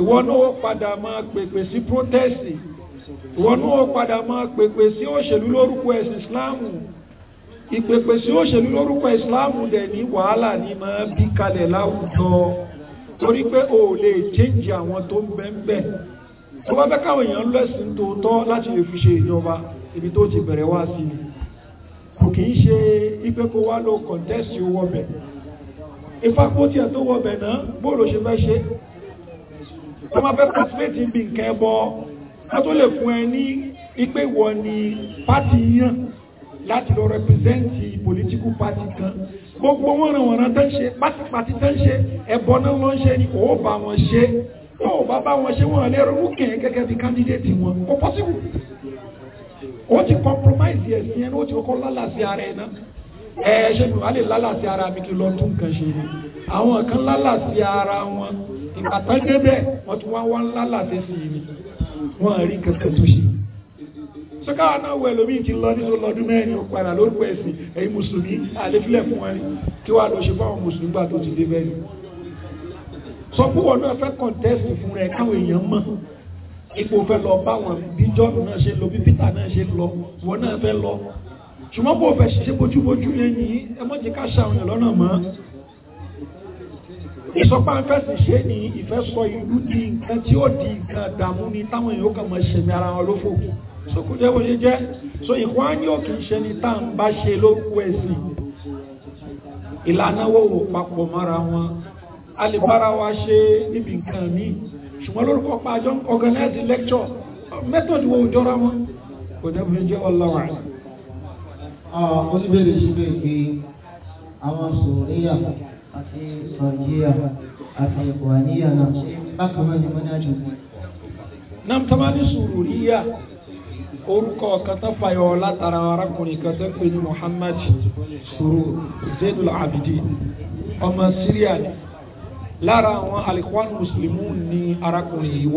ìwọ náà padà máa pèpè sí protest ìwọ náà padà máa pèpè sí òṣèlú lórúkọ ẹ̀sìn islamu ìpèpè sí òṣèlú lórúkọ islamu dẹ̀ ní wàhálà ní máa bí kalẹ̀ láwùjọ torí pé o ò lè change àwọn tó ń bẹ ń bẹ tó bá fẹ́ káwọn èèyàn lẹ́sìn tòótọ́ láti lè fi ṣe ìjọba ibi tó ti bẹ̀rẹ̀ wá sí ni kò kì í ṣe ipe kó wá ló contest owó ọbẹ̀ ìfapò tiẹ̀ tó wọ ọbẹ̀ náà bóòlù ṣe fẹ́ ṣe é tó máa fẹ́ pàṣípẹ́tì bí nǹkan ẹbọ ká tó lè fún ẹ ní ipé wọ ni pátì yàn láti lọ rẹpẹsẹ́ǹtì pòlítíkù pátì kan gbogbo wọn ràn wọn tán ṣe pátìpátì tán ṣe ẹbọ náà wọn ṣe ni òun bá wọn ṣe yóò bá bá wọn ṣe wọn lè ronú kẹ̀yìn gẹ́gẹ́ bí kándídéètì wọn kò pọ́sibú ó ti compromise ẹ̀sìn ẹni ó ti kọ́kọ́ lálàsí ara ẹ̀ náà ẹ̀ ṣe mi wà lè lálàsí ara mi kí lọ tún nǹkan ṣe ni àwọn kan lálàsí ara wọn ìgbà tán débẹ̀ wọ́n ti wá wọ́n ńlá làṣẹ sí i ni wọ́n á rí kankan tó ṣe. sọ́kàwá náà wọ ẹlòmíì ti lọ nínú lọ́dún mẹ́rin padà lórúkọ ẹ̀sìn ẹ̀yin mùsùlùmí àlefilẹ̀ fún wọn kí wàá lọ ṣe fáwọn mùsùlùmí gbà tó ti dé bẹ́ẹ̀ ni. sọ pé wọn náà fẹ́ kọ̀ǹtẹ́sì fún rẹ káwọn èèyàn mọ̀ ipò fẹ́ lọ bá wọn bí jọ́ọ̀nù náà ṣe lọ bí Peter náà ṣe lọ wọn náà fẹ́ lọ ṣùgbọ́n bó fẹ́ ṣiṣẹ́ bójúbójú yẹn yìí ẹ mọ̀jẹ̀ ká ṣàwọn èèyàn lọ́nà mọ́ ìsọpá fẹsẹ ṣe ni ìfẹ́ sọ ìlú di nǹkan tí ó di nǹkan dààmú ni táwọn èèyàn kàn máa ṣẹ̀mí ara wọn lófò sókùjẹ bó ṣe jẹ so ìkọ́ á ní òkè ṣe ni tá à ń bá ṣe lórúkọ ẹ̀sìn ìlànà wo wò papọ̀ mọ́ra wọn a lè bára wa ṣe níbi nǹkan míì ṣùgbọ́n lórúkọ pàjọ organize lecture method wo jọra wọn kò dẹ́ bó ṣe jẹ́ ọlọ́wà. ó ah, ní bèrè sí pé pé àwọn sòríyà na sọ̀rọ̀yíyà àti ìwàníyà náà ṣe tara náà ni mọ́nájú. suru tọ́ba ní sùúrùríyà ni lára àwọn alikwani mùsùlùmí ni arákùnrin yìí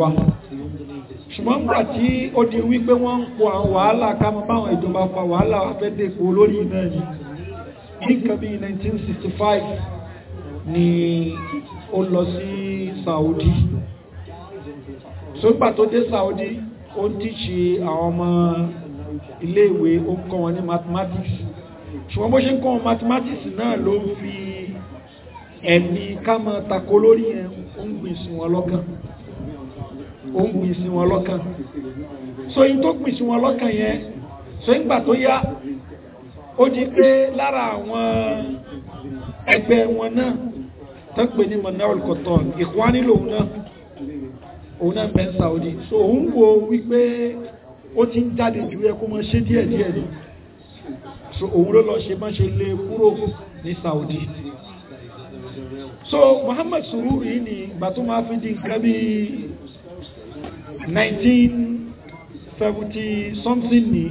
ṣùgbọ́n gbà tí ó di wípé wọ́n ń àwọn wàhálà fa wàhálà yìí nǹkan bíi 1965 ni ó lọ sí Saudi sógbà tó dé Saudi ó ń tíṣe àwọn ọmọ iléèwé ó ń kọ́ wọn ní mathematics ṣùgbọ́n bó ṣe ń kọ́ wọn mathematics náà ló ń fi ẹ̀mí ká máa tako lórí ẹ̀ ó ń gbìn sí wọn lọ́kàn ó ń gbìn sí wọn lọ́kàn so yín tó gbìn sí wọn lọ́kàn yẹn so yín gbà tó yá ó di pé lára àwọn ẹgbẹ́ wọn náà tó pè ní manarul cotton ìkwáni lòun náà òun náà bẹ́ Saudi so òun wo wípé ó ti ń jáde jù ẹ kó mọ́ ṣe díẹ̀ díẹ̀ ni so òun ló lọ ṣe má ṣe lé e kúrò ní Saudi so Muhammad Sururi ni ìgbà tó máa fi di nǹkan bí 1970 something ni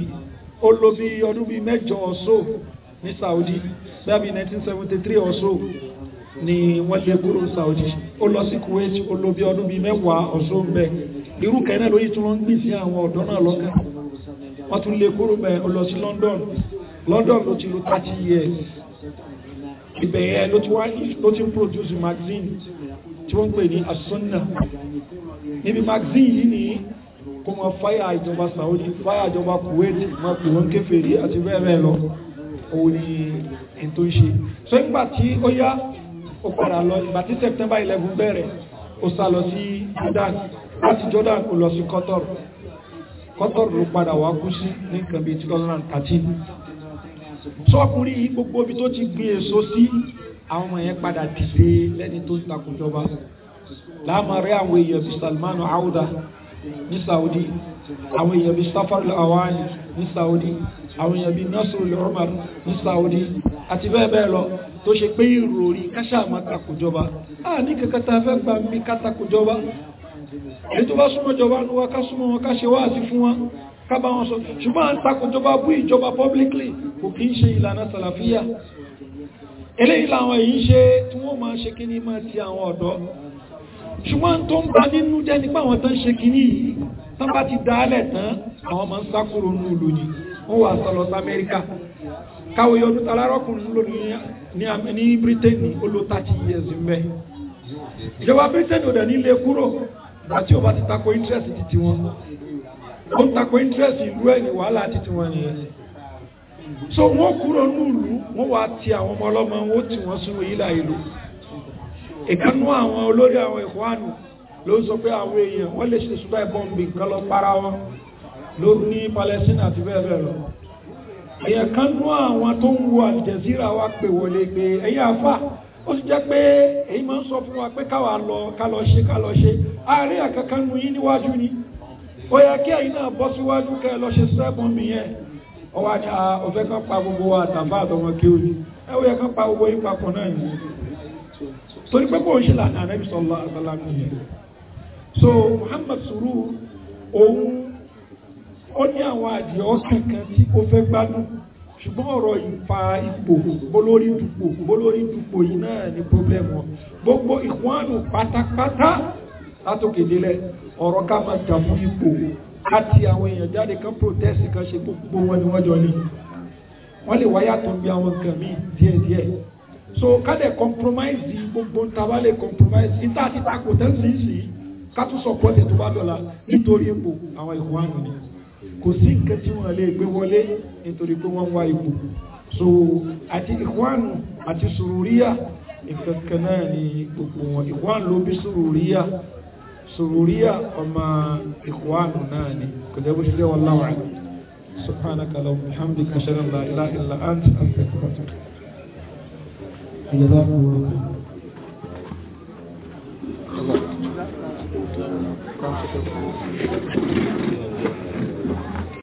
ó lo bí ọdún bí mẹ́jọ or so ní Saudi bẹ́ẹ̀ 1973 or so ni wọ́n lé kúrò Saudi ó lọ sí Kuwait ó lò bí ọdún bíi mẹ́wàá ọ̀ṣọ́ ń bẹ irú kẹ́rin náà lóyè tí wọ́n ń gbìn sí àwọn ọ̀dọ́ náà lọ́kàn wọ́n tún lé kúrò bẹ́ẹ̀ ó lọ sí London London ló ti lò thirty years ibẹ̀ yẹn ló ti wá ló ti produce magazine tí wọ́n ń pè ní asọ́nà níbi magazine yìí ni kó mọ fáyà ìjọba Saudi fáyà ìjọba Kuwait mọ pé wọ́n kèfèrí àti bẹ́ẹ̀ bẹ́ẹ̀ lọ òun ni ètò ìṣe so nígbà tí ó yá ó padà lọ ìgbà tí September eleven bẹ̀rẹ̀ ó sá lọ sí Jordan láti Jordan kó lọ sí Qatar Qatar ló padà wá kú sí ní nǹkan bíi two thousand and thirteen sọkùnrin yìí gbogbo ibi tó ti gbin èso sí àwọn ọmọ yẹn padà dìde lẹ́ni tó ń takò àwọn èèyàn bíi Salman Auda ní Saudi àwọn èèyàn bíi Safar al ní Saudi àwọn èèyàn bíi Nasrul Umar ní Saudi àti bẹ́ẹ̀ bẹ́ẹ̀ lọ tó ṣe pé ìròrí káṣáàmá takòjọba a ní kankan tá a fẹ́ gbà mí ká takòjọba èyí tó bá súnmọ́ jọba nu wa ká súnmọ́ wọn ká ṣe wáàsí fún wọn ká bá wọn sọ ṣùgbọ́n à ń takòjọba bú ìjọba publicly kò kí ń ṣe ìlànà sàlàfíà eléyìí làwọn èyí ń ṣe tí wọ́n máa ṣe kí ní máa ti àwọn ọ̀dọ́ ṣùgbọ́n tó ń ba nínú jẹ́ nípa àwọn tó ń ṣe kínní yìí tán bá ti dálẹ̀ tán àwọn máa ń sákòrò nù lónìí wọ́n wà sọ lọ sí Amẹ́ríkà káwé ọdún tala arọ́kùnrin ló ní ní Britain ó lò thirty years mbẹ́ ìjọba Britain ò dẹ̀ nílé kúrò àti ò bá ti tako interest ti tiwọn ó ń tako interest ìlú ẹ̀ ní wàhálà ti tiwọn nìyẹn so wọ́n kúrò nílùú wọ́n wá ti àwọn ọmọ ọlọ́mọ wọ́n ti wọ́n sún yìí láì lò ìkànnú àwọn olórí àwọn ẹ̀kọ́ àná ló ń sọ pé àwọn èèyàn wọ́n lè ṣe ṣùgbọ́n ẹ̀bọ̀n bì kan para wọn lórí ní Palestine àti bẹ́ẹ̀ bẹ́ẹ̀ lọ èèyàn kan nú àwọn tó ń wo àlìjẹsíra wa pè wọlé pé ẹ̀yin àfà ó sì jẹ́ pé èyí máa ń sọ fún wa pé káwa lọ ká lọ ṣe ká lọ ṣe ààrẹ àkankan nu yín níwájú ni ó yẹ kí ẹ̀yin náà bọ́ síwájú kẹ́ ẹ lọ ṣe sẹ́gun mi yẹn ó wá ní ọ̀fẹ́ kan pa gbogbo wa àtàfà àtọmọ kí ó ní ẹ ó yẹ kan pa gbogbo yín papọ̀ náà yìí torí pé kò ń ṣe lànà ànábì sallallahu alaihi wasallam so Muhammad suru òun ó ní àwọn àdìẹ ọ̀sán kan tí ó fẹ́ gbádùn ṣùgbọ́n ọ̀rọ̀ ìpa ipò bólórí dùpò bólórí dùpò yìí náà ni pọ́blẹ́mù wọn gbogbo ìwọ̀nù pátápátá látòkè délẹ̀ ọ̀rọ̀ ká máa jà fún ipò láti àwọn èèyàn jáde kan protest kan ṣe gbogbo wọn ni wọ́n jọ ní wọ́n lè wáyà tó bí àwọn nǹkan míì díẹ̀díẹ̀ so kálẹ̀ compromise gbogbo ntaba lè compromise ìta àti ìta kò tẹ́sí sí ká tún support ẹ̀ tó bá dọ̀la nítorí ipò àwọn ìwọ̀nù ni kò sí nǹkan tí wọ́n lè gbé wọlé nítorí pé wọ́n wá ipò so àti ìkwánu àti sùrùríyà ìkankan náà ni gbogbo wọn ìkwánu ló bí sùrùríyà sùrùríyà ọmọ ìkwánu náà ni kò jẹ́ bó ṣe jẹ́ wọn láwọn àgbẹ̀ سبحانك اللهم وبحمدك اشهد ان لا اله الا انت استغفرك